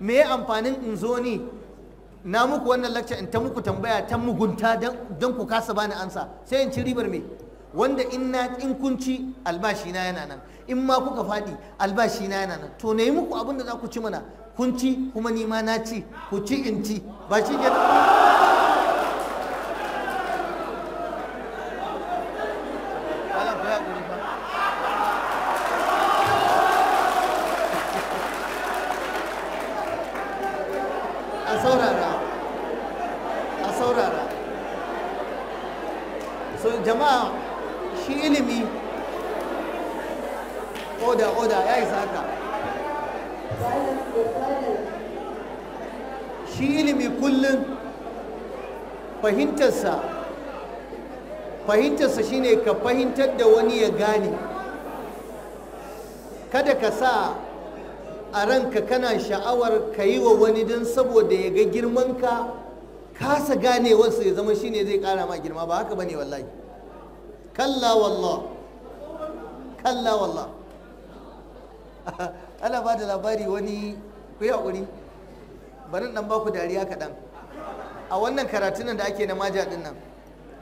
me amfanin in zo ni na muku wannan lecture in ta muku tambaya ta mugunta don ku kasa bani ansa sai in ci ribar mai. wanda in na in kun albashi na yana nan in ma kuka faɗi albashi na yana nan to nayi muku abin da za ku ci mana kunci kuma ni ma na ci ku ci in ci ba shi ke ka fahimtar da wani ya gane kada ka sa a ranka kana sha'awar ka yi wa wani don saboda ya ga girmanka kasa gane wasu ya zama shine zai kara ma girma ba haka bane wallahi kalla wallah kalla wallah ana ba da labari wani ku yi haƙuri barin dan baku dariya kaɗan a wannan karatunan da ake na maja ɗin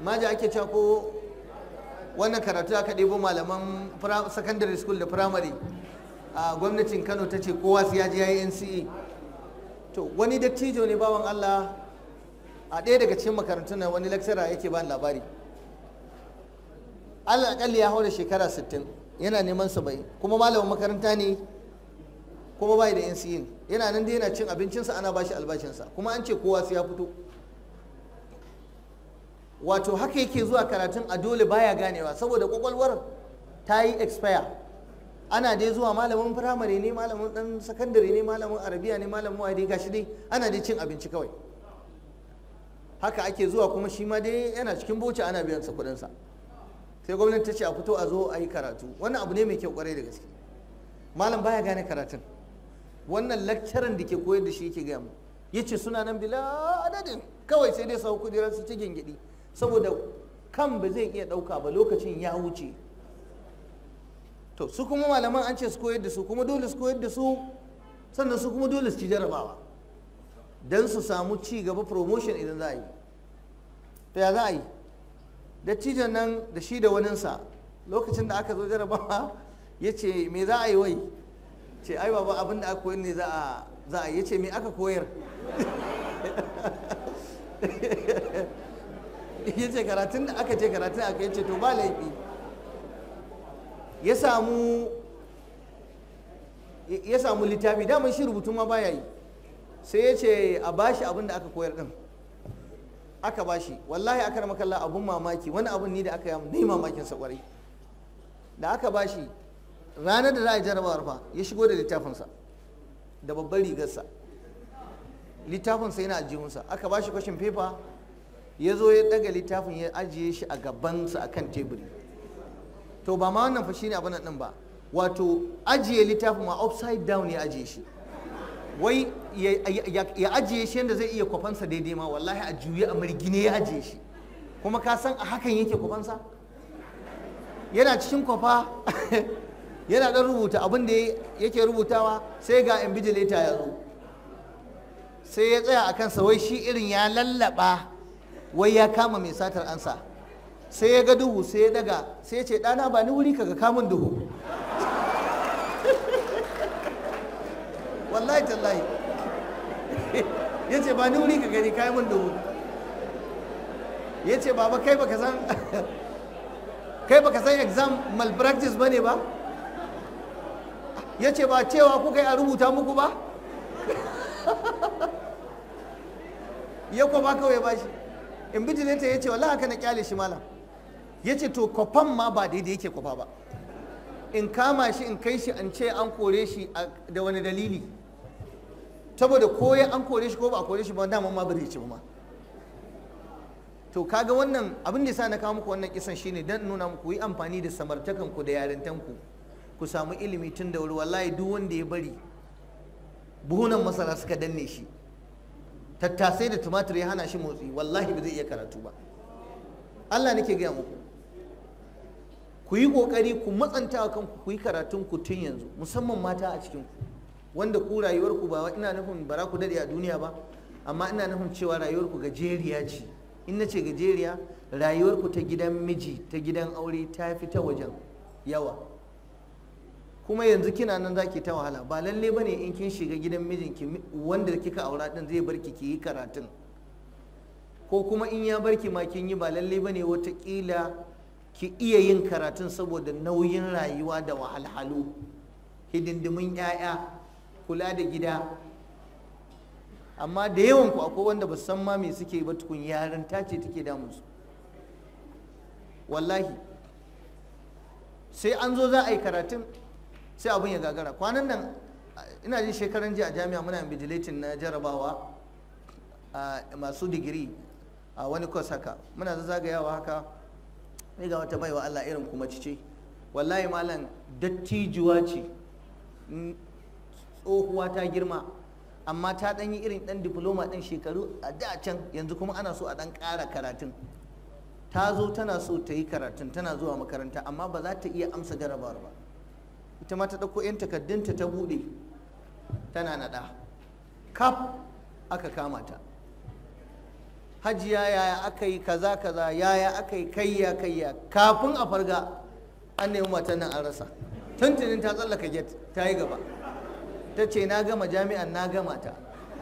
maja ake cewa wannan karatu aka ɗebo malaman secondary school da primary a gwamnatin kano ta ce kowa su yaji ya yi nce to wani dattijo ne bawan allah a ɗaya daga cikin makarantun na wani lecturer yake ba labari allah akalli ya da shekara 60 yana neman saba'in kuma malamin makaranta ne kuma bai da nce yana nan dai yana cin abincinsa ana bashi albashinsa kuma an ce kowa su ya fito wato haka yake zuwa karatun a dole baya ganewa saboda kwakwalwar ta yi expire ana dai zuwa malamin firamare ne malamin dan sakandare ne malamin arabiya ne malamin wadi gashi dai ana dai cin abinci kawai haka ake zuwa kuma shi ma dai yana cikin boci ana biyan sa kuɗin sa sai gwamnati ta ce a fito a zo a yi karatu wannan abu ne mai kyau kwarai da gaske malam baya gane karatun wannan lakcaran da ke koyar da shi yake gaya mu yace suna nan bila adadin kawai sai dai sau kudirar su ci gingidi saboda kan ba zai iya ɗauka ba lokacin ya wuce to su kuma malaman an ce su koyar da su kuma dole su koyar da su sannan su kuma dole su ci jarabawa don su samu ci gaba promotion idan za a yi to ya za a yi cijan nan da shi da waninsa lokacin da aka zo jarabawa ya ce me za a yi wai ce ai ba abin da aka koyar ne za a yi ya ce me aka koyar ya ce karatun da aka ce karatun aka yace to ba laifi ya samu littafi damar shi rubutu ma baya yi sai ya ce a bashi abin da aka koyar din aka bashi wallahi aka rama kalla abun mamaki wani abun ni da aka yi ni mamakin sa kwarai da aka bashi ranar da za a jarabawar fa ya shigo da littafinsa da babbar rigarsa littafinsa yana aljihunsa aka bashi kwashin fefa ya zo ya daga littafin ya ajiye shi a gabansa a kan teburi to ba ma wannan fashi ne abin nan ba wato ajiye littafin ma upside down ya ajiye shi wai ya ajiye shi yadda zai iya kwafansa daidai ma wallahi a juye a margine ya ajiye shi kuma ka san a hakan yake kwafansa yana cikin kwafa yana dan rubuta abin da yake rubutawa sai ga invigilator ya zo sai ya tsaya a kansa wai shi irin ya lallaba wai ya kama mai satar ansa sai ya ga duhu sai ya daga sai ya ce ɗana ba ni wuri kaga kamun duhu wallahi tallahi ya ce ba ni wuri kaga ni kamun duhu ya ce baba kai baka san kai baka san exam malpractice bane ba ya ce ba cewa kuka yi a rubuta muku ba ya kwa ba kawai ba shi in bijileta ya ce wala haka na kyale shi malam ya ce to kwafan ma ba daidai yake kwafa ba in kama shi in kai shi an ce an kore shi da wani dalili saboda ko ya an kore shi ko ba a kore shi ba dama ma ba ci ba to kaga wannan abin da sa na kawo muku wannan kisan shine dan nuna muku yi amfani da samartakan ku da yarintan ku ku samu ilimi tun da wuri wallahi duk wanda ya bari buhunan masara suka danne shi tattasai da tumatir ya hana shi motsi wallahi ba zai iya karatu ba Allah nake gaya muku ku yi kokari ku matsanta wa kanku ku yi karatun ku tun yanzu musamman mata a cikin ku wanda ku rayuwar ku ba ina nufin bara ku dade a duniya ba amma ina nufin cewa rayuwar ku gajeriya ce in nace gajeriya rayuwar ku ta gidan miji ta gidan aure ta fi ta wajen yawa kuma yanzu kina nan zaki ta wahala ba lalle bane in kin shiga gidan mijinki wanda kika aura din zai barki ki yi karatun ko kuma in ya barki ma kin yi ba lalle bane watakila ki iya yin karatun saboda nauyin rayuwa da wahalhalu hidindimin 'ya'ya kula da gida amma da yawan ku akwai wanda ba san ma me suke ba tukun yaran ta ce take damun su wallahi sai an zo za a yi karatun sai abin ya gagara kwanan nan ina jin shekaran jiya a jami'a muna invigilating na jarabawa masu digiri a wani kwas haka muna zagayawa haka ne ga wata baiwa Allah irin kuma cice wallahi malam dattijuwa ce tsohuwa ta girma amma ta ɗan yi irin ɗan diploma din shekaru a da can yanzu kuma ana so a ɗan ƙara karatun ta zo tana so ta yi karatun tana zuwa makaranta amma ba za ta iya amsa jarabawar ba ita ma ta ɗauko 'yan takaddunta ta buɗe tana naɗa kaf aka kama ta hajiya yaya aka yi kaza kaza yaya aka yi kayya kayya kafin a farga an nemi matan nan an rasa tuntunin ta tsallaka get ta yi gaba ta ce na gama jami'an na gama ta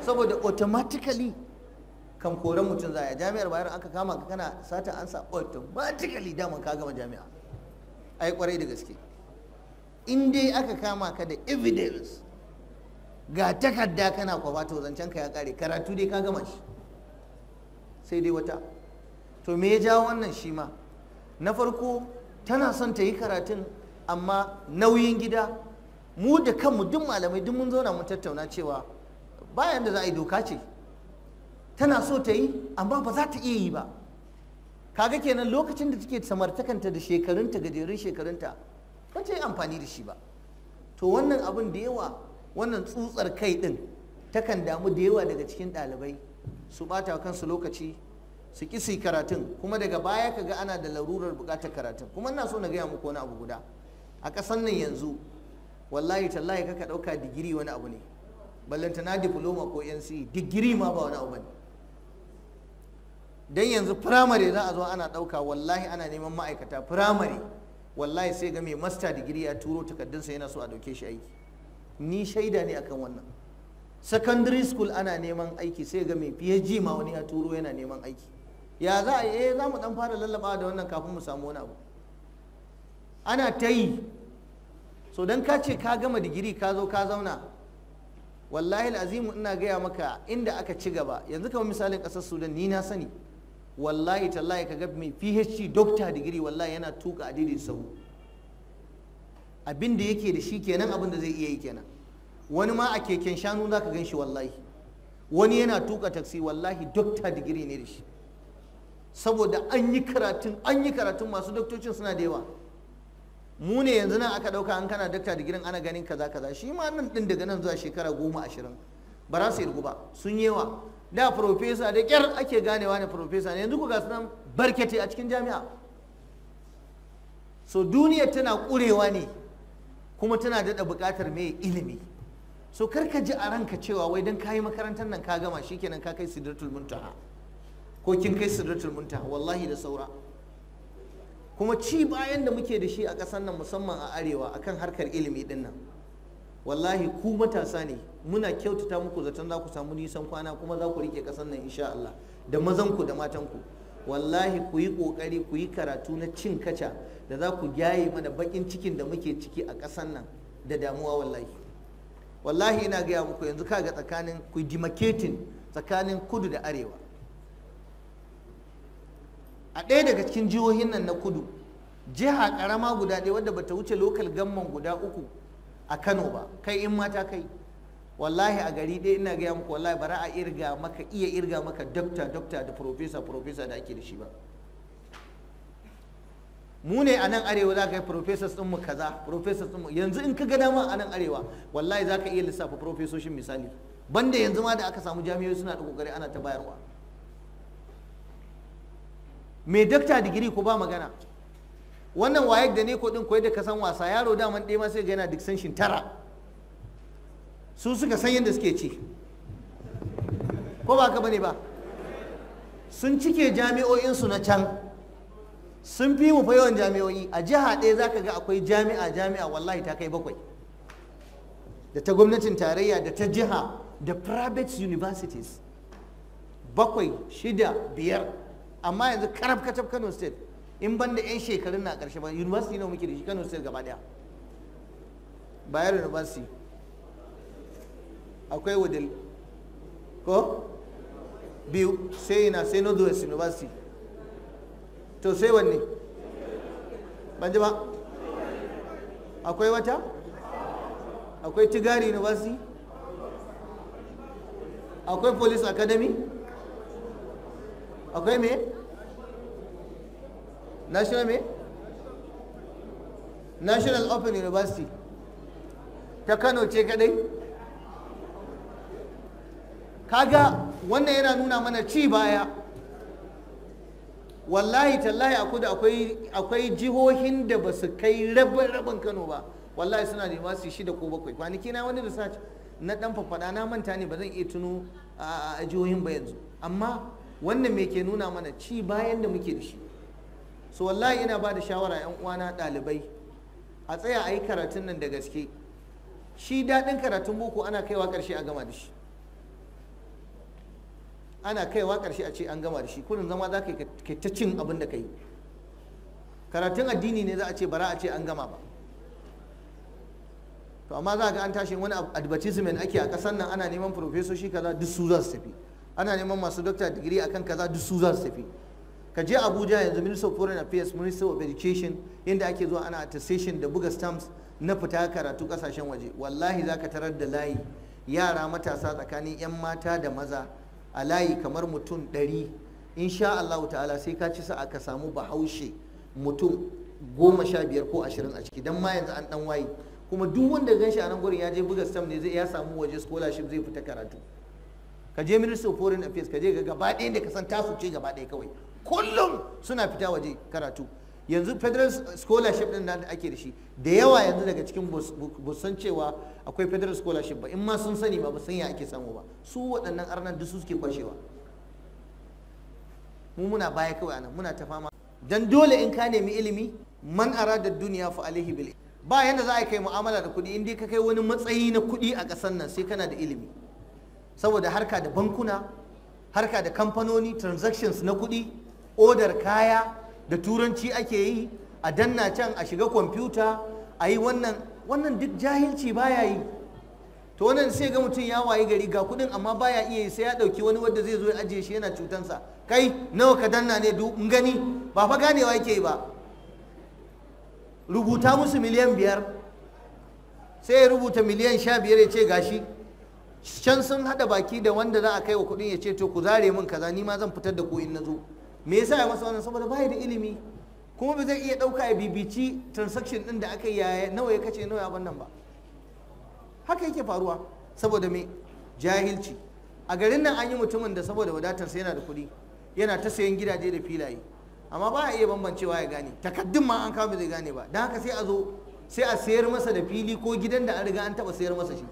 saboda automatically kan koren mutum zaya jami'ar bayar aka kama ka kana sata ansa automatically daman ka gama jami'a ai kwarai da gaske in dai aka kama ka da evidence ga takarda kana kwa to zancen ka ya kare karatu dai ka gama shi sai dai wata to me ya jawo wannan shi ma na farko tana son ta yi karatun amma nauyin gida mu da kanmu duk malamai duk mun zauna mun tattauna cewa bayan da za a yi doka ce tana so ta yi amma ba za ta iya yi ba kaga kenan lokacin da take samartakanta da shekarunta gajerun shekarunta ba ta yi amfani da shi ba to wannan abin da yawa wannan tsutsar kai ɗin takan damu da yawa daga cikin ɗalibai su ɓata kansu lokaci su ƙi su karatun kuma daga baya ka ga ana da larurar buƙatar karatun kuma ina so na gaya muku wani abu guda a ƙasar nan yanzu wallahi tallahi kaka ɗauka digiri wani abu ne ballantana diploma ko nce digiri ma ba wani abu ne don yanzu firamare za a zo ana ɗauka wallahi ana neman ma'aikata firamare wallahi sai ga mai master digiri ya turo takardunsa yana so a dauke shi aiki ni shaida ne akan wannan secondary school ana neman aiki sai ga mai phd ma wani ya turo yana neman aiki ya za a eh za mu dan fara lallaba da wannan kafin mu samu wani abu ana ta yi so don ka ce ka gama digiri ka zo ka zauna wallahi azimu ina gaya maka inda aka ci gaba yanzu kamar misalin ƙasar sudan ni na sani wallahi tallahi kaga mai PhD doctor degree wallahi yana tuka adidin sau abin da yake da shi kenan abin da zai iya yi kenan wani ma a keken shanu ka gan shi wallahi wani yana tuka taksi wallahi doctor degree ne da shi saboda an yi karatun an yi karatun masu doktocin suna da yawa mu ne yanzu nan aka dauka an kana doctor degree ana ganin kaza kaza shi ma nan din daga nan zuwa shekara goma ashirin ba za su yi ba sun yawa da profesa da kyar ake ganewa ne profesa ne yanzu ku ga sunan barkete a cikin jami'a so duniya tana kurewa ne kuma tana daɗa buƙatar mai ilimi so karka ji a ranka cewa wai don kayi makarantar nan ka gama shikenan ka kai sidratul muntaha ko kin kai sidratul muntaha wallahi da saura kuma ci bayan da muke da shi a ƙasar nan musamman a arewa akan harkar ilimi din wallahi ku matasa ne muna kyautata muku zaton za ku samu nisan kwana kuma za ku rike kasan nan insha Allah da mazanku da matanku wallahi ku yi kokari ku yi karatu na cin kaca da za ku gyaye mana bakin cikin da muke ciki a kasan nan da damuwa wallahi wallahi ina gaya muku yanzu kaga tsakanin ku demarcating tsakanin kudu da arewa a ɗaya daga cikin jihohin nan na kudu jiha ƙarama guda ɗaya wadda bata wuce lokal gamman guda uku a kano ba kai in mata kai wallahi a gari ɗaya ina gaya muku wallahi bara a irga maka iya irga maka dokta dokta da profesa profesa da ake da shi ba mu ne a nan arewa za ka yi sun mu kaza sun mu, yanzu in ka gada ma a nan arewa wallahi za ka iya lissafa profesoshin misali banda yanzu ma da aka samu jami'o'i suna da kokari ana ta bayarwa mai dokta digiri ko ba magana wannan wayar da ne ɗin koyar da ka san wasa yaro daman ɗaya ma sai ga yana diksenshin tara su suka san yadda suke ci ko ba ka bane ba sun cike jami'o'insu na can sun fi mu fa yawan jami'o'i a jiha ɗaya za ka ga akwai jami'a jami'a wallahi ta kai bakwai da ta gwamnatin tarayya da ta jiha da private universities bakwai shida biyar amma yanzu karab katab kano state in ban da 'yan shekarun na ƙarshe ba university na muke da shi kano state gaba daya bayero university akwai wadil ko biyu sai yana sai northwest university to sai wanne ban ji ba akwai wata akwai tigari university akwai police academy akwai me national me national open university ta kano ce kadai kaga wannan yana nuna mana ci baya wallahi tallahi a kudu akwai jihohin da ba su kai rabin rabin kano ba wallahi suna da university shida ko bakwai kwanaki na wani research na dan fafada na manta ne ba zan iya tuno a jihohin ba yanzu amma wannan me ke nuna mana ci bayan da muke da shi so wallahi ina ba da shawara yan uwana ɗalibai a tsaya a yi karatun nan da gaske shi daɗin karatun boko ana kaiwa ƙarshe a gama da shi ana kaiwa ƙarshe a ce an gama da shi kurin zama za ka ta cin abin da ka yi karatun addini ne za a ce bara a ce an gama ba to amma za ga an tashi wani advertisement ake a ƙasar nan ana neman profesoshi kaza duk su za su tafi ana neman masu doctor digiri akan kaza duk su za su tafi ka je abuja yanzu minister of foreign affairs minister of education inda ake zuwa ana attestation da buga stamps na fita karatu kasashen waje wallahi za ka tarar da layi yara matasa tsakanin 'yan mata da maza a layi kamar mutum 100 insha Allah ta'ala sai ka ci sa'a ka samu bahaushe mutum goma sha biyar ko ashirin a ciki don ma yanzu an dan wayi. kuma duk wanda gan shi a nan gurin ya je buga stamp ne ya samu waje scholarship zai fita karatu ka je minister of foreign affairs ka je ga gaba ɗaya da ka san tasu ce gaba ɗaya kawai kullum suna fita waje karatu yanzu federal scholarship din da ake da shi da yawa yanzu daga cikin busan cewa akwai federal scholarship ba in ma sun sani ba san ya ake samu ba su waɗannan arnan duk su suke kwashewa mu muna baya kawai anan muna ta fama dan dole in ka nemi ilimi man arada duniya fa alaihi bil ba yanda za a kai mu'amala da kuɗi in dai ka kai wani matsayi na kuɗi a ƙasar nan sai kana da ilimi saboda harka da bankuna harka da kamfanoni transactions na kuɗi odar kaya da turanci ake yi a danna can a shiga kwamfuta a yi wannan wannan duk jahilci baya yi to wannan sai ga mutum ya wayi gari ga kudin amma baya iya yi sai ya dauki wani wanda zai zo ya ajiye shi yana cutansa kai nawa ka danna ne duk in gani ba fa ganewa yake yi ba rubuta musu miliyan biyar sai ya rubuta miliyan sha biyar ya ce gashi can sun hada baki da wanda za a kai wa kudin ya ce to ku zare min kaza ni ma zan fitar da ku in na zo me yasa ya masa wannan saboda bai da ilimi kuma ba zai iya dauka ya bibici transaction din da aka yi nawa ya kace nawa abin nan ba haka yake faruwa saboda me jahilci a garin nan an yi mutumin da saboda wadatarsa yana da kuɗi yana ta sayan gidaje da filaye amma ba a iya bambancewa ya gane takaddun ma an kama zai gane ba don haka sai a zo sai a sayar masa da fili ko gidan da an riga an taɓa sayar masa shi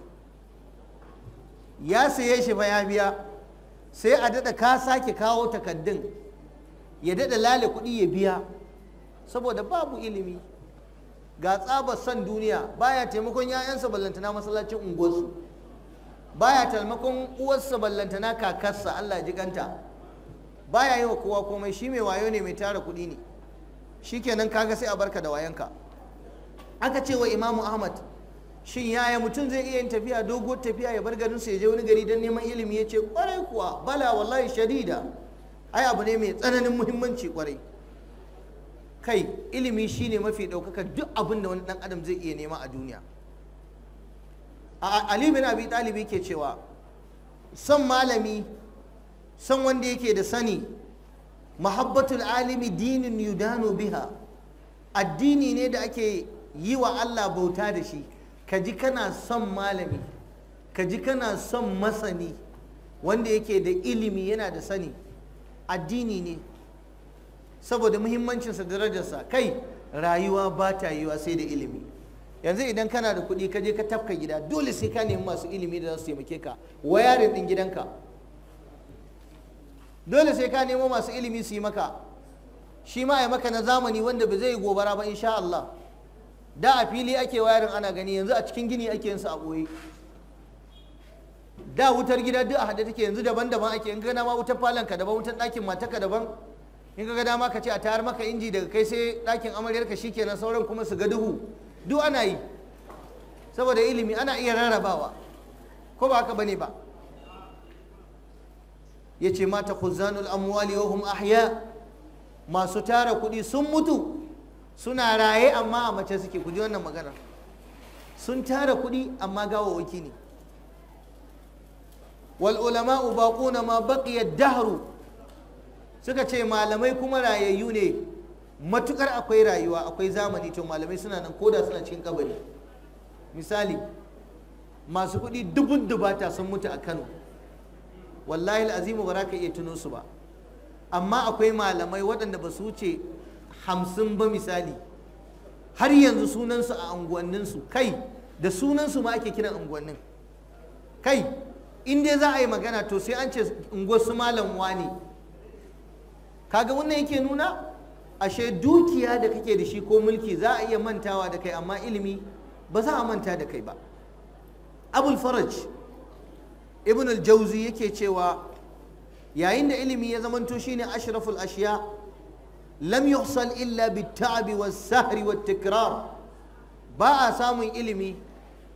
ya saye shi fa ya biya sai a daɗa ka sake kawo takaddun ya daɗa lale kuɗi ya biya saboda babu ilimi ga tsabar son duniya baya taimakon 'ya'yansa ballantana masallacin unguwarsu baya taimakon uwarsa ballantana kakarsa Allah ji ganta baya yi wa kowa komai shi mai wayo ne mai tara kuɗi ne shi shikenan kaga sai a barka da wayanka aka ce wa imamu ahmad shin yaya mutum zai iya yin tafiya doguwar tafiya ya bar garinsa ya je wani gari don neman ilimi ya ce kwarai kuwa bala wallahi shadida ai abu ne mai tsananin muhimmanci kwarai kai ilimi shine mafi ɗaukaka duk abin da wani ɗan adam zai iya nema a duniya ali bin abi talibi ke cewa son malami san wanda yake da sani mahabbatul alimi dinin yudano biha addini ne da ake yi wa allah bauta da shi ka ji kana son malami ka ji kana son masani wanda yake da ilimi yana da sani addini ne saboda muhimmancinsa da darajarsa kai rayuwa ba ta yiwa sai da ilimi yanzu idan kana da kuɗi ka je ka tafka gida dole sai ka nemi masu ilimi da za su taimake ka wayarin ɗin gidanka dole sai ka nemo masu ilimi su yi maka shi ma a maka na zamani wanda ba zai yi gobara ba insha Allah da a fili ake wayarin ana gani yanzu a cikin gini ake yin su a ɓoye da wutar gida duk a haɗe take yanzu daban-daban ake in ga dama wutar falon ka daban wutar ɗakin mata ka daban in ga dama ka ce a tayar maka inji daga kai sai ɗakin amaryar ka shikenan sauran kuma su ga duhu duk ana yi saboda ilimi ana iya rarrabawa ko ba haka bane ba Ya ce mata Kuzanul amwali wa hum ahya masu tara kuɗi sun mutu suna raye amma a mace suke ku ji wannan magana sun tara kuɗi amma gawawaki ne wal ulama'u baquna ma baqiya dahru suka ce malamai kuma rayayyu ne matukar akwai rayuwa akwai zamani to malamai suna nan koda suna cikin kabari misali masu kuɗi dubun dubata sun mutu a Kano wallahi azimu ba za ka iya tuno su ba amma akwai malamai waɗanda ba su wuce hamsin ba misali har yanzu sunansu a unguwanninsu kai da sunansu ma ake kiran unguwannin kai in dai za a yi magana to sai an ce unguwarsu malam wani kaga wannan yake nuna ashe dukiya da kake da shi ko mulki za a iya mantawa da kai amma ilimi ba za a manta da kai ba abul faraj ibn al-jauzi yake cewa yayin da ilimi ya zamanto shine ashraful ashiya lam yuhsal illa bit-ta'bi was-sahri wat-tikrar ba a samun ilimi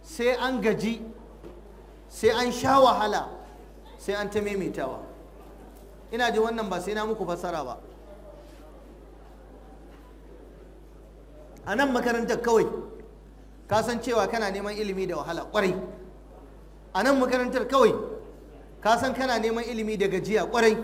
sai an gaji sai an sha wahala sai an ta maimaitawa ina ji wannan ba sai na muku fassara ba a nan makarantar kawai ka san cewa kana neman ilimi da wahala kwarai a nan makarantar kawai ka san kana neman ilimi da gajiya kwarai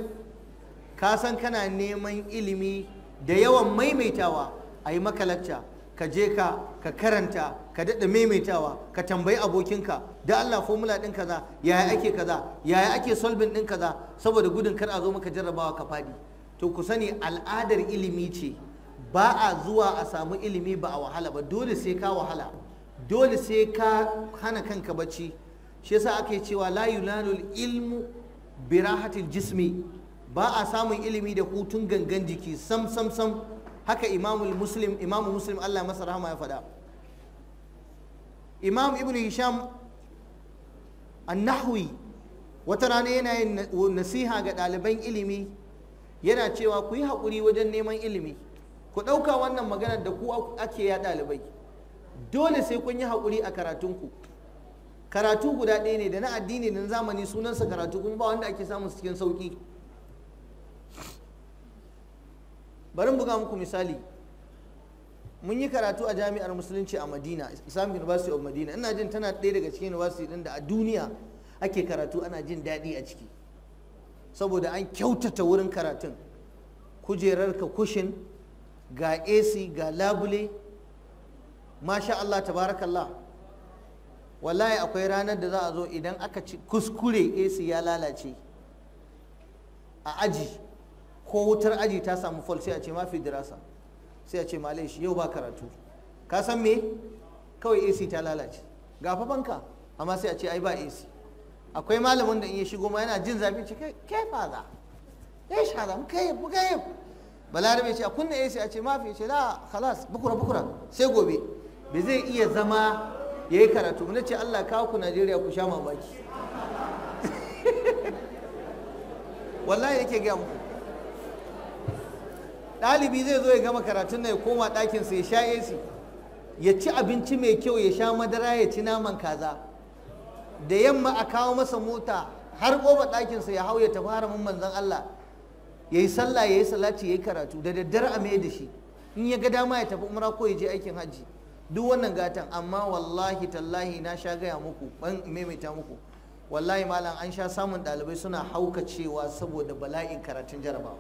ka san kana neman ilimi da yawan maimaitawa a yi makalacca ka je ka ka karanta ka daɗa maimaitawa ka tambayi abokinka da Allah formula ɗin kaza yaya ake kaza yaya ake solving ɗin kaza saboda gudun kar a zo maka jarrabawa ka faɗi to ku sani al'adar ilimi ce ba a zuwa a samu ilimi ba a wahala ba dole sai ka wahala dole sai ka hana kanka bacci shi yasa ake cewa la yulanul ilmu birahatil jismi ba a samun ilimi da hutun gangan jiki sam sam sam haka imamul muslim imamu muslim Allah masa rahama ya faɗa imam ibn hisham annahwi wata rana yana yin nasiha ga ɗaliban ilimi yana cewa ku yi haƙuri wajen neman ilimi ku ɗauka wannan maganar da ku ake ya ɗalibai dole sai kun yi haƙuri a karatunku karatu guda ɗaya ne da na addini da na zamani sunansa karatu kuma ba wanda ake samun cikin sauƙi bari buga muku misali mun yi karatu a jami'ar musulunci a madina islamic university of madina ina jin tana ɗaya daga cikin university ɗin da a duniya ake karatu ana jin daɗi a ciki saboda an kyautata wurin karatun kujerar ka kushin ga ac ga labule masha allah tabarakallah wallahi akwai ranar da za a zo idan aka ci kuskure ac ya lalace a aji ko wutar aji ta samu falsi a ce mafi dirasa sai a ce malai shi yau ba karatu ka san me kawai AC ta lalace ga fa banka amma sai a ce ai ba AC akwai malamin da in ya shigo ma yana jin zafi ce ke faza ya shara mu kai balarabe ce a kunna AC a ce mafi ce la halas bukura bukura sai gobe bai zai iya zama ya yi karatu mu ce Allah kawo ku Najeriya ku sha mamaki wallahi yake gaya muku ɗalibi zai zo ya gama karatun na ya koma ɗakinsa ya sha AC ya ci abinci mai kyau ya sha madara ya ci naman kaza da yamma a kawo masa mota har ƙofa ɗakinsa ya hau ya tafi haramin manzon Allah ya yi sallah ya yi salati ya yi karatu da daddare a mai da shi in ya ga dama ya tafi umra ko ya je aikin hajji duk wannan gatan amma wallahi tallahi na sha gaya muku ban maimaita muku wallahi malam an sha samun ɗalibai suna haukacewa saboda bala'in karatun jarabawa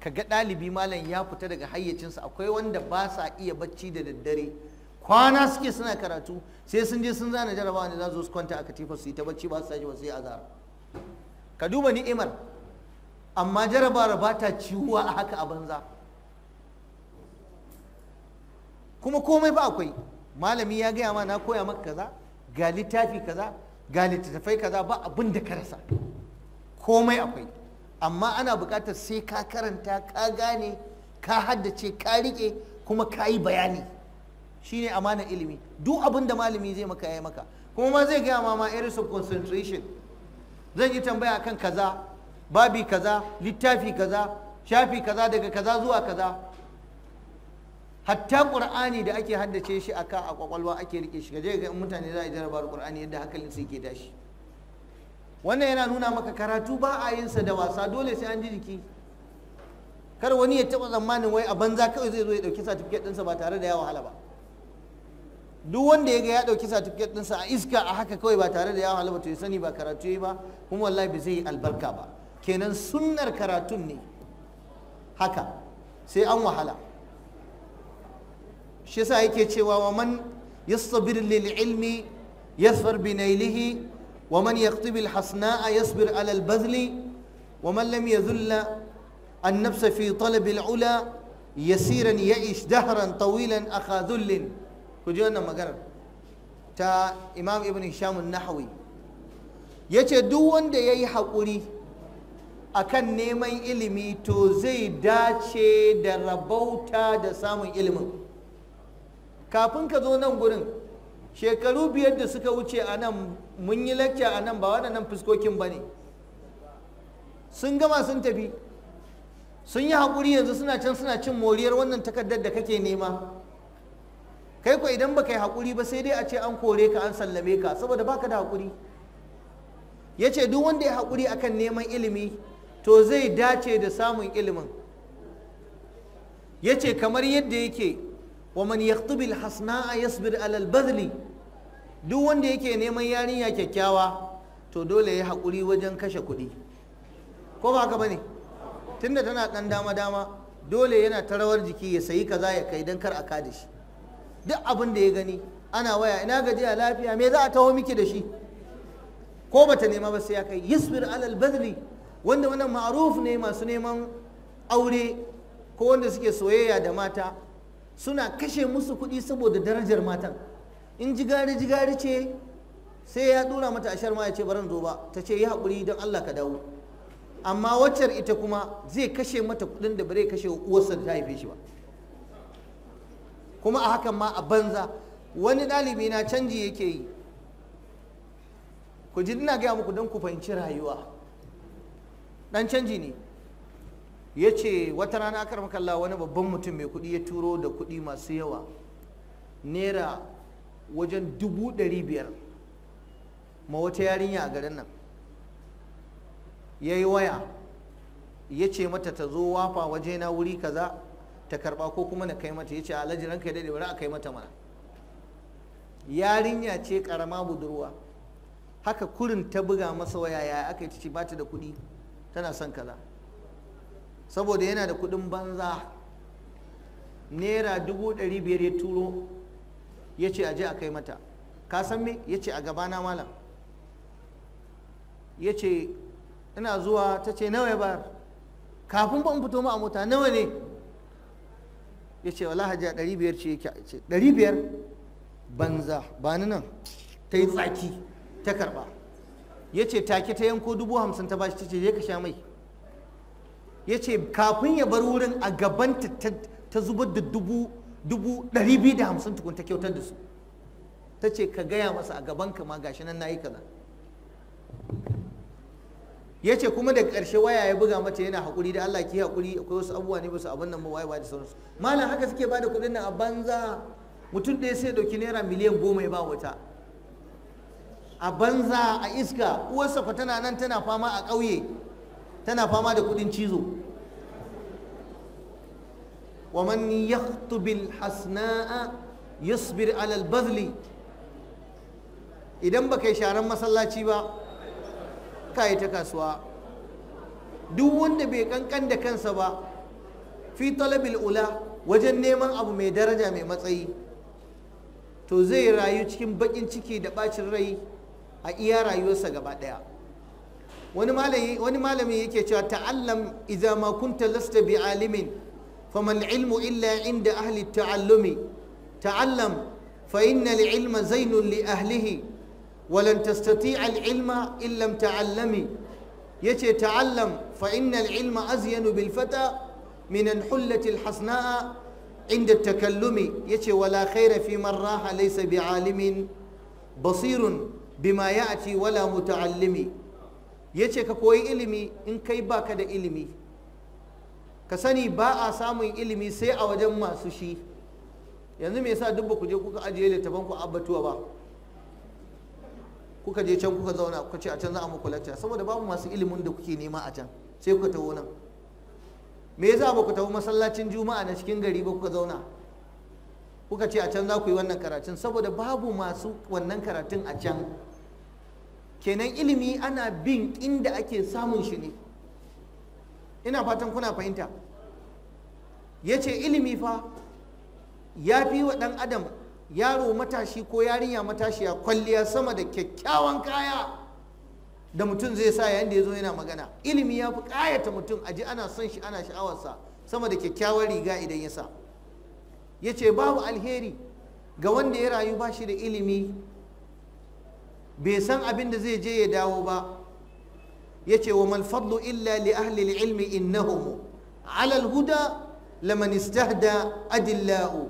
ka ga ɗalibi malam ya fita daga hayyacinsa akwai wanda ba sa iya bacci da daddare kwana suke suna karatu sai sun je sun zana jarabawa ne za su kwanta a katifa su yi ta bacci ba su tashi ba sai azara ka duba ni'imar amma jarabawar ba ta ciwuwa a haka a banza kuma komai ba akwai malami ya gaya ma na koya maka kaza ga littafi kaza ga littattafai kaza ba abin da ka rasa komai akwai amma ana bukatar sai ka karanta ka gane ka haddace ka riƙe kuma ka yi bayani shine amana ilimi duk abin da malami zai maka yayi maka kuma ma zai gaya ma iris of concentration zan yi tambaya kan kaza babi kaza littafi kaza shafi kaza daga kaza zuwa kaza hatta qur'ani da ake haddace shi aka a kwakwalwa ake rike shi gaje ga mutane za a jarabar qur'ani yadda hakalin su yake tashi wannan yana nuna maka karatu ba a yin sa da wasa dole sai an ji jiki kar wani ya taba tsammanin wai a banza kawai zai zo ya ɗauki certificate ɗinsa ba tare da ya wahala ba duk wanda ya ga ya dauki certificate ɗinsa a iska a haka kawai ba tare da ya wahala ba to ya sani ba karatu yi ba kuma wallahi ba zai yi albarka ba kenan sunnar karatun ne haka sai an wahala shi yasa yake cewa wa man yastabir lil ilmi yasfar bi nailihi wa man yaqtibil a yasbir ala bazli wa man lam yadhulla an-nafs fi talab al-ula yasiran ya'ish dahran tawilan akha dhullin ku ji wannan magana ta imam ibn hisham an-nahwi yace duk wanda yayi hakuri akan neman ilimi to zai dace da rabauta da samun ilimin kafin ka zo nan gurin shekaru biyar da suka wuce a nan mun yi lacca a nan ba waɗannan fuskokin ba ne sun gama sun tafi sun yi haƙuri yanzu suna can suna cin moriyar wannan takardar da kake nema kai ko idan baka yi haƙuri ba sai dai a ce an kore ka an sallame ka saboda baka da haƙuri ya ce duk wanda ya haƙuri akan neman ilimi to zai dace da samun ilimin ya ce kamar yadda yake wa man yaktubil hasna'a yasbir alal badli duk wanda yake neman yarinya kyakkyawa to dole ya haƙuri wajen kashe kuɗi ko ba haka ba ne tunda tana ɗan dama dama dole yana ta rawar jiki ya sayi kaza ya kai don kar a kada shi duk abin da ya gani ana waya ina gajiya lafiya me za a taho miki da shi ko bata nema ba sai ya kai yusbir alal badli wanda wannan ma'ruf ne masu neman aure ko wanda suke soyayya da mata suna kashe musu kuɗi saboda darajar matan in jigari jigari ce sai ya dora mata ashar ma ya ce baran zo ba ta ce yi haƙuri don Allah ka dawo amma waccar ita kuma zai kashe mata kuɗin da bare kashe uwarsa da ta haife shi ba kuma a hakan ma a banza wani ɗalibi na canji yake yi ku ji ina gaya muku don ku fahimci rayuwa dan canji ne ya ce wata rana aka wani babban mutum mai kuɗi ya turo da kuɗi masu yawa naira wajen dubu ɗari biyar ma wata yarinya a garin nan ya yi waya ya ce mata ta zo wafa waje na wuri kaza ta karba ko kuma na kai mata ya ce alhaji kai daɗe bari a kai mata mana yarinya ce karama budurwa haka kurin ta buga masa waya ya aka yi ce bata da kuɗi tana son kaza saboda yana da kuɗin banza naira dubu ɗari biyar ya turo ya ce aje a kai mata ka san me ya ce a gabana malam ya ce ina zuwa ta ce nawa ya kafin ba in fito ma a mota nawa ne ya ce wala hajiya ɗari biyar ce yake a ce ɗari biyar banza ba ni nan ta yi tsaki ta karɓa ya ce take ta yanko dubu hamsin ta bashi ta ce je ka sha mai ya ce kafin ya bar wurin a gabanta ta zubar da dubu dubu ɗari biyu da hamsin tukun ta kyautar da su ta ce ka gaya masa a gaban ka ma gashi nan nayi kaza ya ce kuma da ƙarshe waya ya buga mata yana haƙuri da Allah ki haƙuri akwai wasu abubuwa ne basu abin nan ba waye da sauransu malam haka suke ba da kuɗin nan a banza mutum ɗaya sai ɗauki naira miliyan goma ya ba wata a banza a iska uwarsa fa tana nan tana fama a ƙauye tana fama da kuɗin cizo ومن يخطب الحسناء يصبر على البذل idan baka yi sharan masallaci ba ka yi ta kasuwa duk wanda bai kankan da kansa ba fi talabil ula wajen neman abu mai daraja mai matsayi to zai rayu cikin bakin ciki da bacin rai a iya rayuwarsa gaba daya wani malami yake cewa ta'allam idza ma kunta lasta bi alimin فما العلم إلا عند أهل التعلم تعلم فإن العلم زين لأهله ولن تستطيع العلم إن لم تعلمي يتي تعلم فإن العلم أزين بالفتى من الحلة الحسناء عند التكلم يتي ولا خير في من راح ليس بعالم بصير بما يأتي ولا متعلم يتي كوي إلمي إن كي باكد إلمي ka sani ba a samun ilimi sai a wajen masu shi yanzu me yasa duk ba ku je kuka ajiye littafan ku abatuwa ba kuka je can kuka zauna kuka ce a can za a muku lacca saboda babu masu ilimin da kuke nema a can sai kuka taho nan me yasa ba ku tafi masallacin juma'a na cikin gari ba kuka zauna kuka ce a can za ku yi wannan karatun saboda babu masu wannan karatun a can kenan ilimi ana bin inda ake samun shi ne ina fatan kuna fahimta ya ce ilimi fa ya fi wa ɗan adam yaro matashi ko yarinya matashiya kwalliya sama da kyakkyawan kaya da mutum zai sa yayin da ya zo yana magana ilimi ya fi ƙayata mutum aji ana son shi ana sha'awarsa sama da kyakkyawan riga idan ya sa ya ce babu alheri ga wanda ya rayu ba shi da ilimi bai san abin da zai je ya dawo ba يتي وما الفضل إلا لأهل العلم إنهم على الهدى لمن استهدى أدلاء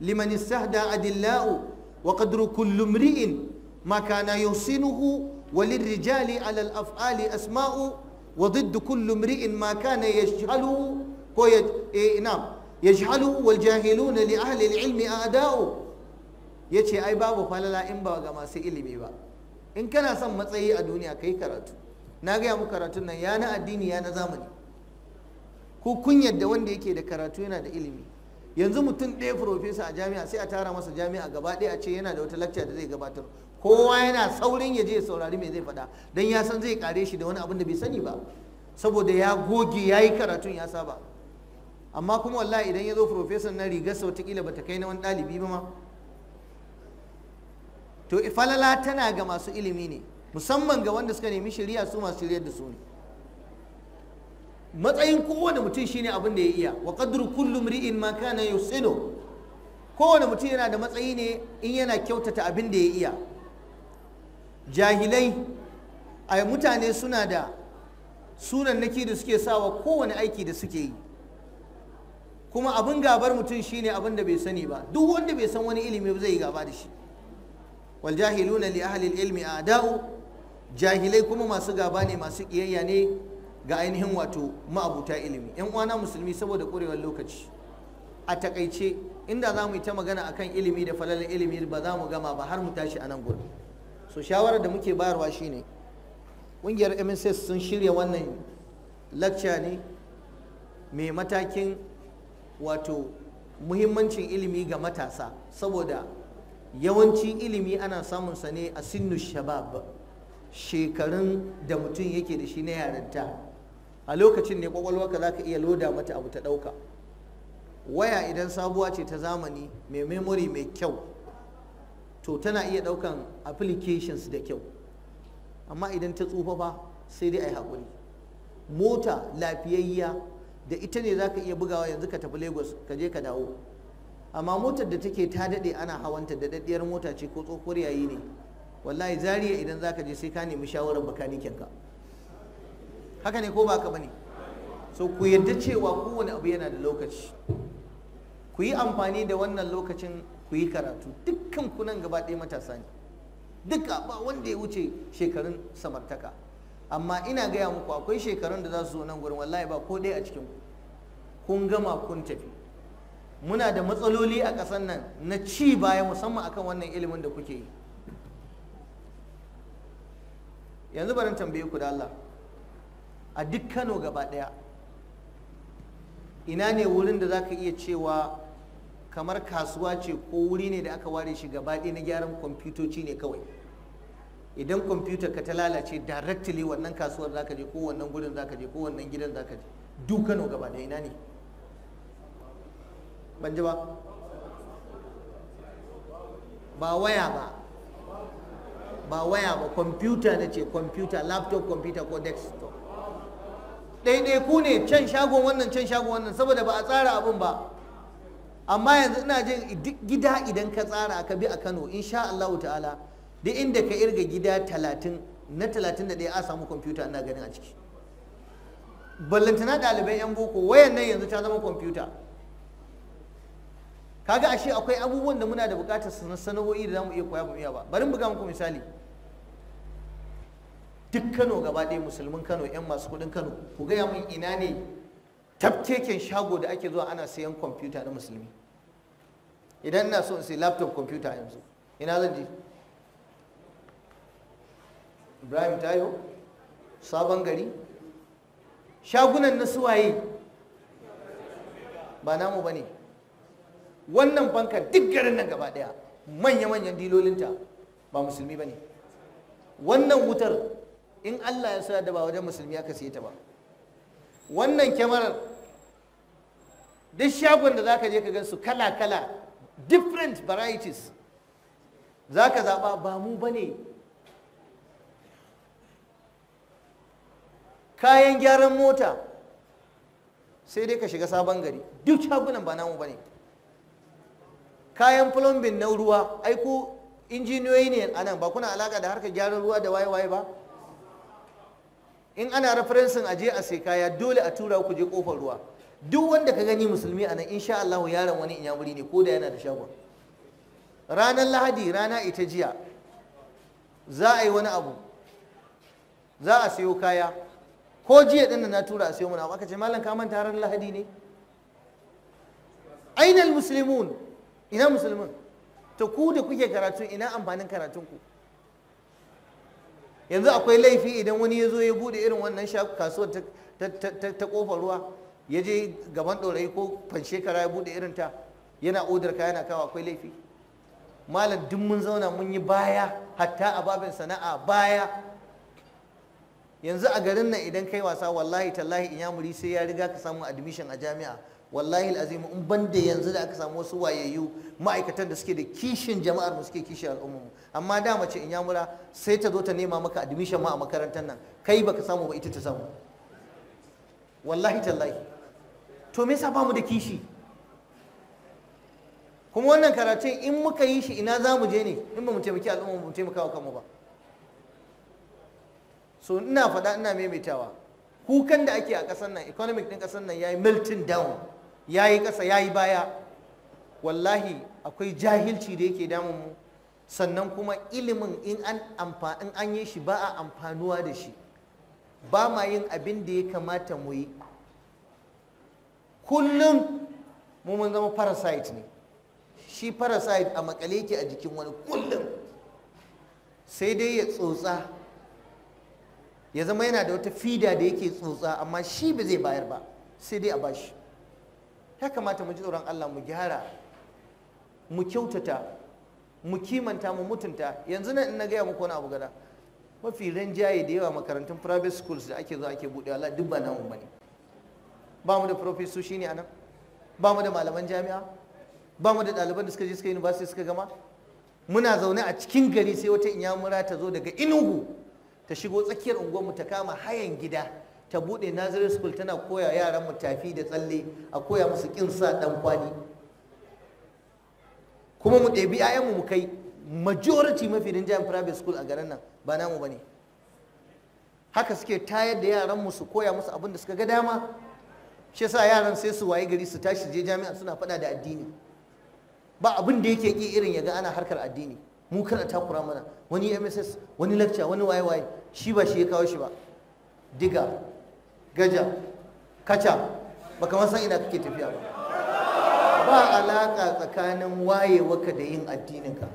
لمن استهدى أدلاء وقدر كل امرئ ما كان يحسنه وللرجال على الأفعال أسماء وضد كل امرئ ما كان يجهله ويج... إيه نعم يجهله والجاهلون لأهل العلم أداء يتي أي باب فلا إن باب ما سئلي بيبا إن كان سمت سيئة دنيا كي كرت na gaya mu karatun nan ya na addini ya na zamani ko kun yadda wanda yake da karatu yana da ilimi yanzu mutum ɗaya profesa a jami'a sai a tara masa jami'a gaba ɗaya a ce yana da wata lacca da zai gabatar kowa yana saurin ya je ya saurari me zai faɗa don ya san zai kare shi da wani abin da bai sani ba saboda ya goge ya yi karatun ya saba amma kuma wallahi idan ya zo profesa na rigarsa watakila bata kai na wani ɗalibi ba ma to ifalala tana ga masu ilimi ne musamman ga wanda suka nemi shari'a su masu shirya da su ne matsayin kowane mutum shine abin da ya iya wa qadru kullu mri'in ma kana yusinu kowane mutum yana da matsayi ne in yana kyautata abin da ya iya jahilai a mutane suna da sunannaki da suke sawa kowane aiki da suke yi kuma abin gabar mutum shine abin da bai sani ba duk wanda bai san wani ilimi zai yi gaba da shi waljahiluna li ahli ilmi a'da'u jahilai kuma masu gaba ne masu kiyayya ne ga ainihin wato ma'abuta ilimi yan uwana musulmi saboda kurewar lokaci a takaice inda za mu yi ta magana akan ilimi da falalar ilimi ba za mu gama ba har mu tashi a nan gurin so shawarar da muke bayarwa shine ƙungiyar mss sun shirya wannan lakca ne mai matakin wato muhimmancin ilimi ga matasa saboda yawanci ilimi ana samun sa ne a sinu shabab shekarun da mutum yake da shi na yaranta a lokacin ne kwakwalwarka za ka iya loda mata abu ta ɗauka waya idan sabuwa ce ta zamani mai memori mai kyau to tana iya ɗaukan applications da kyau amma idan ta tsufa ba sai dai a yi haƙuri mota lafiyayya da ita ne za ka iya bugawa yanzu ka tafi lagos ka je ka dawo amma motar da take ta daɗe ana hawanta da daɗiyar mota ce ko tsohuwar yayi ne wallahi zariya idan zaka je sai ka nemi shawarar bakanikin ka haka ne ko ba ka bane so ku yarda cewa kowane abu yana da lokaci ku yi amfani da wannan lokacin ku yi karatu dukkan kunan gaba ɗaya matasa ne duka ba wanda ya wuce shekarun samartaka amma ina gaya muku akwai shekarun da za su zo nan gurin wallahi ba ko ɗaya a cikin kun gama kun tafi muna da matsaloli a ƙasar nan na ci baya musamman akan wannan ilimin da kuke yi yanzu barin tambaye ku da Allah a duk Kano gaba ɗaya ina ne wurin da zaka iya cewa kamar kasuwa ce ko wuri ne da aka ware shi gaba ɗaya na gyaran kwamfutoci ne kawai idan kwamfutar ka ta lalace directly wannan kasuwar za je ko wannan gudun za je ko wannan gidan za je duk Kano gaba ɗaya ina ne ban ji ba ba waya ba ba waya ba kwamfuta na ce kwamfuta laptop kwamfuta ko desktop ɗaiɗaiku ne can shagon wannan can shagon wannan saboda ba a tsara abin ba amma yanzu ina jin gida idan ka tsara ka bi a kano insha Allah ta'ala duk inda ka irga gida talatin na talatin da ɗaya a samu kwamfuta ina ganin a ciki ballantana ɗalibai yan boko wayan nan yanzu ta zama kwamfuta kaga ashe akwai abubuwan da muna da bukatar sana'o'i da zamu iya koya mu iya ba bari buga muku misali duk Kano gaba ɗaya musulmin Kano yan masu kuɗin Kano ku gaya mun ina ne tafteken shago da ake zuwa ana sayan kwamfuta na musulmi idan ina so in sayi laptop kwamfuta yanzu ina zan je Ibrahim Tayo sabon gari shagunan na suwaye ba namu ba ne wannan bankar duk garin nan gaba daya manya-manyan dilolinta ba musulmi ba ne wannan wutar in allah ya sa da ba wajen musulmi aka siye ta ba wannan kyamarar duk shagon da zaka je ka gan su kala-kala different varieties zaka zaba ba mu ba ne kayan gyaran mota sai dai ka shiga sabon gari duk shagunan ba namu ba ne kayan plumbin na ruwa ai ku injiniyoyi ne a nan ba kuna alaka da harkar gyaran ruwa da waye-waye ba in ana referensin a je a sai kaya dole a tura ku je kofar ruwa duk wanda ka gani musulmi a nan insha Allah yaron wani inyamuri ne ko da yana da shagon ranar lahadi rana ita jiya za a yi wani abu za a sayo kaya ko jiya din na tura a sayo mana aka ce mallan ka manta ranar lahadi ne ainal muslimun ina musulmin ta ku da kuke karatu ina amfanin karatunku yanzu akwai laifi idan wani ya zo ya bude irin wannan kasuwar ta kofar ruwa ya je gaban ɗorayi ko shekara ya bude irin ta yana odar ka yana kawo akwai laifi malam duk mun zauna mun yi baya hatta a babin sana'a baya yanzu a garin nan idan kai wasa wallahi tallahi in ya muri sai ya riga ka samu admission a jami'a wallahi alazim in ban da yanzu da aka samu wasu wayayyu ma'aikatan da suke da kishin jama'ar mu suke kishin al'ummar mu amma da mace in yamura sai ta zo ta nema maka admission ma a makarantar nan kai baka samu ba ita ta samu wallahi tallahi to me yasa bamu da kishi kuma wannan karatun in muka yi shi ina za mu je ne in ba mu taimaki al'ummar mu taimaka wa kanmu ba so ina faɗa ina maimaitawa kukan da ake a ƙasar nan economic ɗin ƙasar nan ya yi melting down ya yi ƙasa ya yi baya wallahi akwai jahilci da yake damun mu sannan kuma ilimin in an an yi shi ba a amfanuwa da shi ba ma yin abin da ya kamata mu yi kullum mu mun zama parasite ne shi parasite a makale ke a jikin wani kullum sai dai ya tsotsa ya zama yana da wata fida da yake tsotsa amma shi ba zai bayar ba sai dai a bashi ya kamata mu ji tsoron Allah mu gyara mu kyautata mu kimanta mu mutunta yanzu nan in na gaya muku wani abu gada mafi rinjaye da yawa makarantun private schools da ake zo ake buɗe Allah duk ba namu bane ba mu da professor shine anan ba mu da malaman jami'a ba mu da ɗaliban da suka je suka university suka gama muna zaune a cikin gari sai wata inyamura ta zo daga inugu ta shigo tsakiyar unguwar mu ta kama hayan gida ta buɗe nazarin School tana koya yaran mu tafi da tsalle a koya musu sa dan kwani kuma mu ɗebi 'ya'yanmu mu kai majority mafi rinjayen private school a garin nan ba namu ba ne haka suke tayar da yaranmu su koya musu abin da suka ga dama shi yasa yaran sai su waye gari su tashi je jami'a suna faɗa da addini ba abin da yake ƙi irin ya ga ana harkar addini mu kada takura mana wani mss wani lecture wani waye waye shi ba shi ya kawo shi ba diga gaja kaca baka san ina kake tafiya ba ba alaka tsakanin wayewaka da yin addininka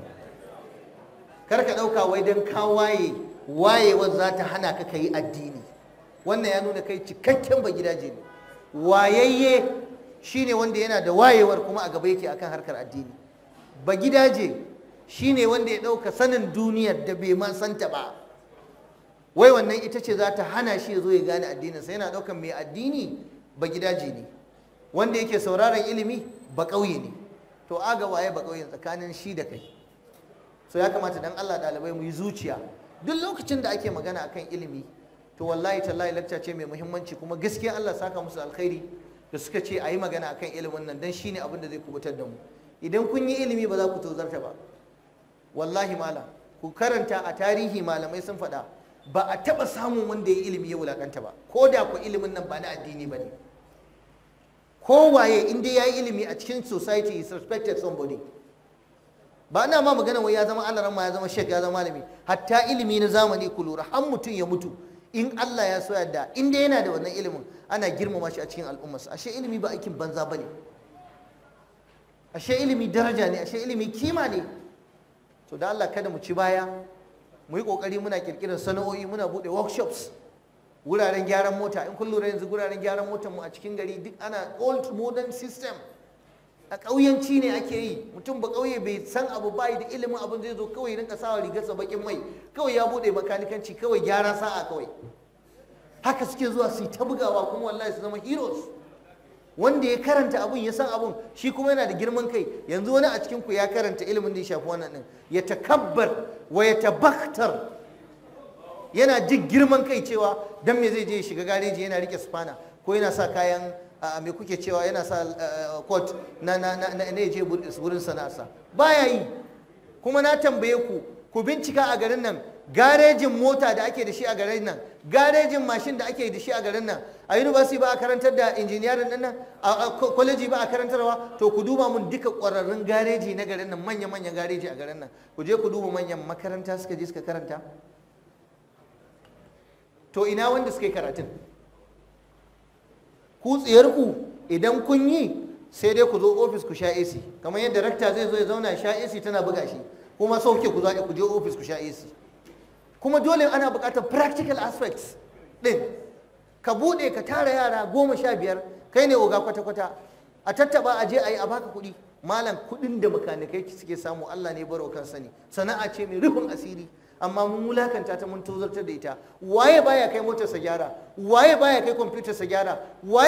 kar ka ɗauka wai don ka waye wayewar za ta hana ka ka yi addini wannan ya nuna kai cikakken ba gidaje ne wayayye shine wanda yana da wayewar kuma a gaba yake akan harkar addini ba gidaje shine wanda ya ɗauka sanin duniyar da bai ma santa ba wai wannan ita ce za ta hana shi ya zo ya gane addininsa yana ɗaukan mai addini ba gidaje ne wanda yake sauraron ilimi ba ƙauye ne to aga waye ba ƙauyen tsakanin shi da kai so ya kamata dan Allah ɗalibai mu yi zuciya duk lokacin da ake magana akan ilimi to wallahi tallahi lacca ce mai muhimmanci kuma gaskiya Allah saka musu alkhairi da suka ce a yi magana akan ilimin nan dan shine abin da zai kubutar da mu idan kun yi ilimi ba za ku tozarta ba wallahi mala ku karanta a tarihi malamai sun faɗa ba a taɓa samun wanda ya yi ilimi ya wulakanta ba ko da ku ilimin nan ba na addini ba ne kowaye waye inda ya yi ilimi a cikin society is respected somebody ba ina ma magana wai ya zama Allah ma ya zama shek ya zama malami hatta ilimi na zamani ku lura har mutum ya mutu in Allah ya so yadda inda yana da wannan ilimin ana girmama shi a cikin al'ummarsa ashe ilimi ba aikin banza ba ne? ashe ilimi daraja ne ashe ilimi kima ne to da Allah kada mu ci baya mu yi kokari muna kirkirar sana'o'i muna bude workshops wuraren gyaran mota in kun lura yanzu wuraren gyaran motar mu a cikin gari duk ana old modern system a ƙauyanci ne ake yi mutum ba ƙauye bai san abu bai da ilimin abin zai zo kawai rinka sawa sa bakin mai kawai ya bude makanikanci kawai gyara sa'a kawai haka suke zuwa su yi ta bugawa kuma wallahi su zama heroes wanda ya karanta abun ya san abun shi kuma yana da girman kai yanzu wani a cikin ku ya karanta ilimin da ya shafi wannan din ya takabbar wa ya tabaktar yana jin girman kai cewa dan me zai je ya shiga gareji yana rike sufana ko yana sa kayan me kuke cewa yana sa coat na na na na je wurin sana'arsa baya yi kuma na tambaye ku ku bincika a garin nan garejin mota da ake da shi a garin nan garejin mashin da ake da shi a garin nan a university ba a karantar da injiniyarin nan nan a kwaleji ba a karantarwa to ku duba mun duka ƙwararrun gareji na garin nan manya manyan gareji a garin nan ku je ku duba manyan makaranta suka je suka karanta to ina wanda suka yi karatun ku ku idan kun yi sai dai ku zo ofis ku sha AC kamar yadda rakta zai zo ya zauna sha AC tana buga shi kuma sauke ku za ku je ofis ku sha AC kuma dole ana buƙatar practical aspects ɗin ka buɗe ka tara yara goma sha biyar kai ne oga kwata-kwata a tattaba a je a yi a baka kuɗi malam kuɗin da makanikai suke samu Allah ne baro kan sani sana'a ce mai rufin asiri amma mun wulakanta ta mun tozartar da ita waye baya kai motarsa gyara waye baya kai kwamfutarsa gyara waye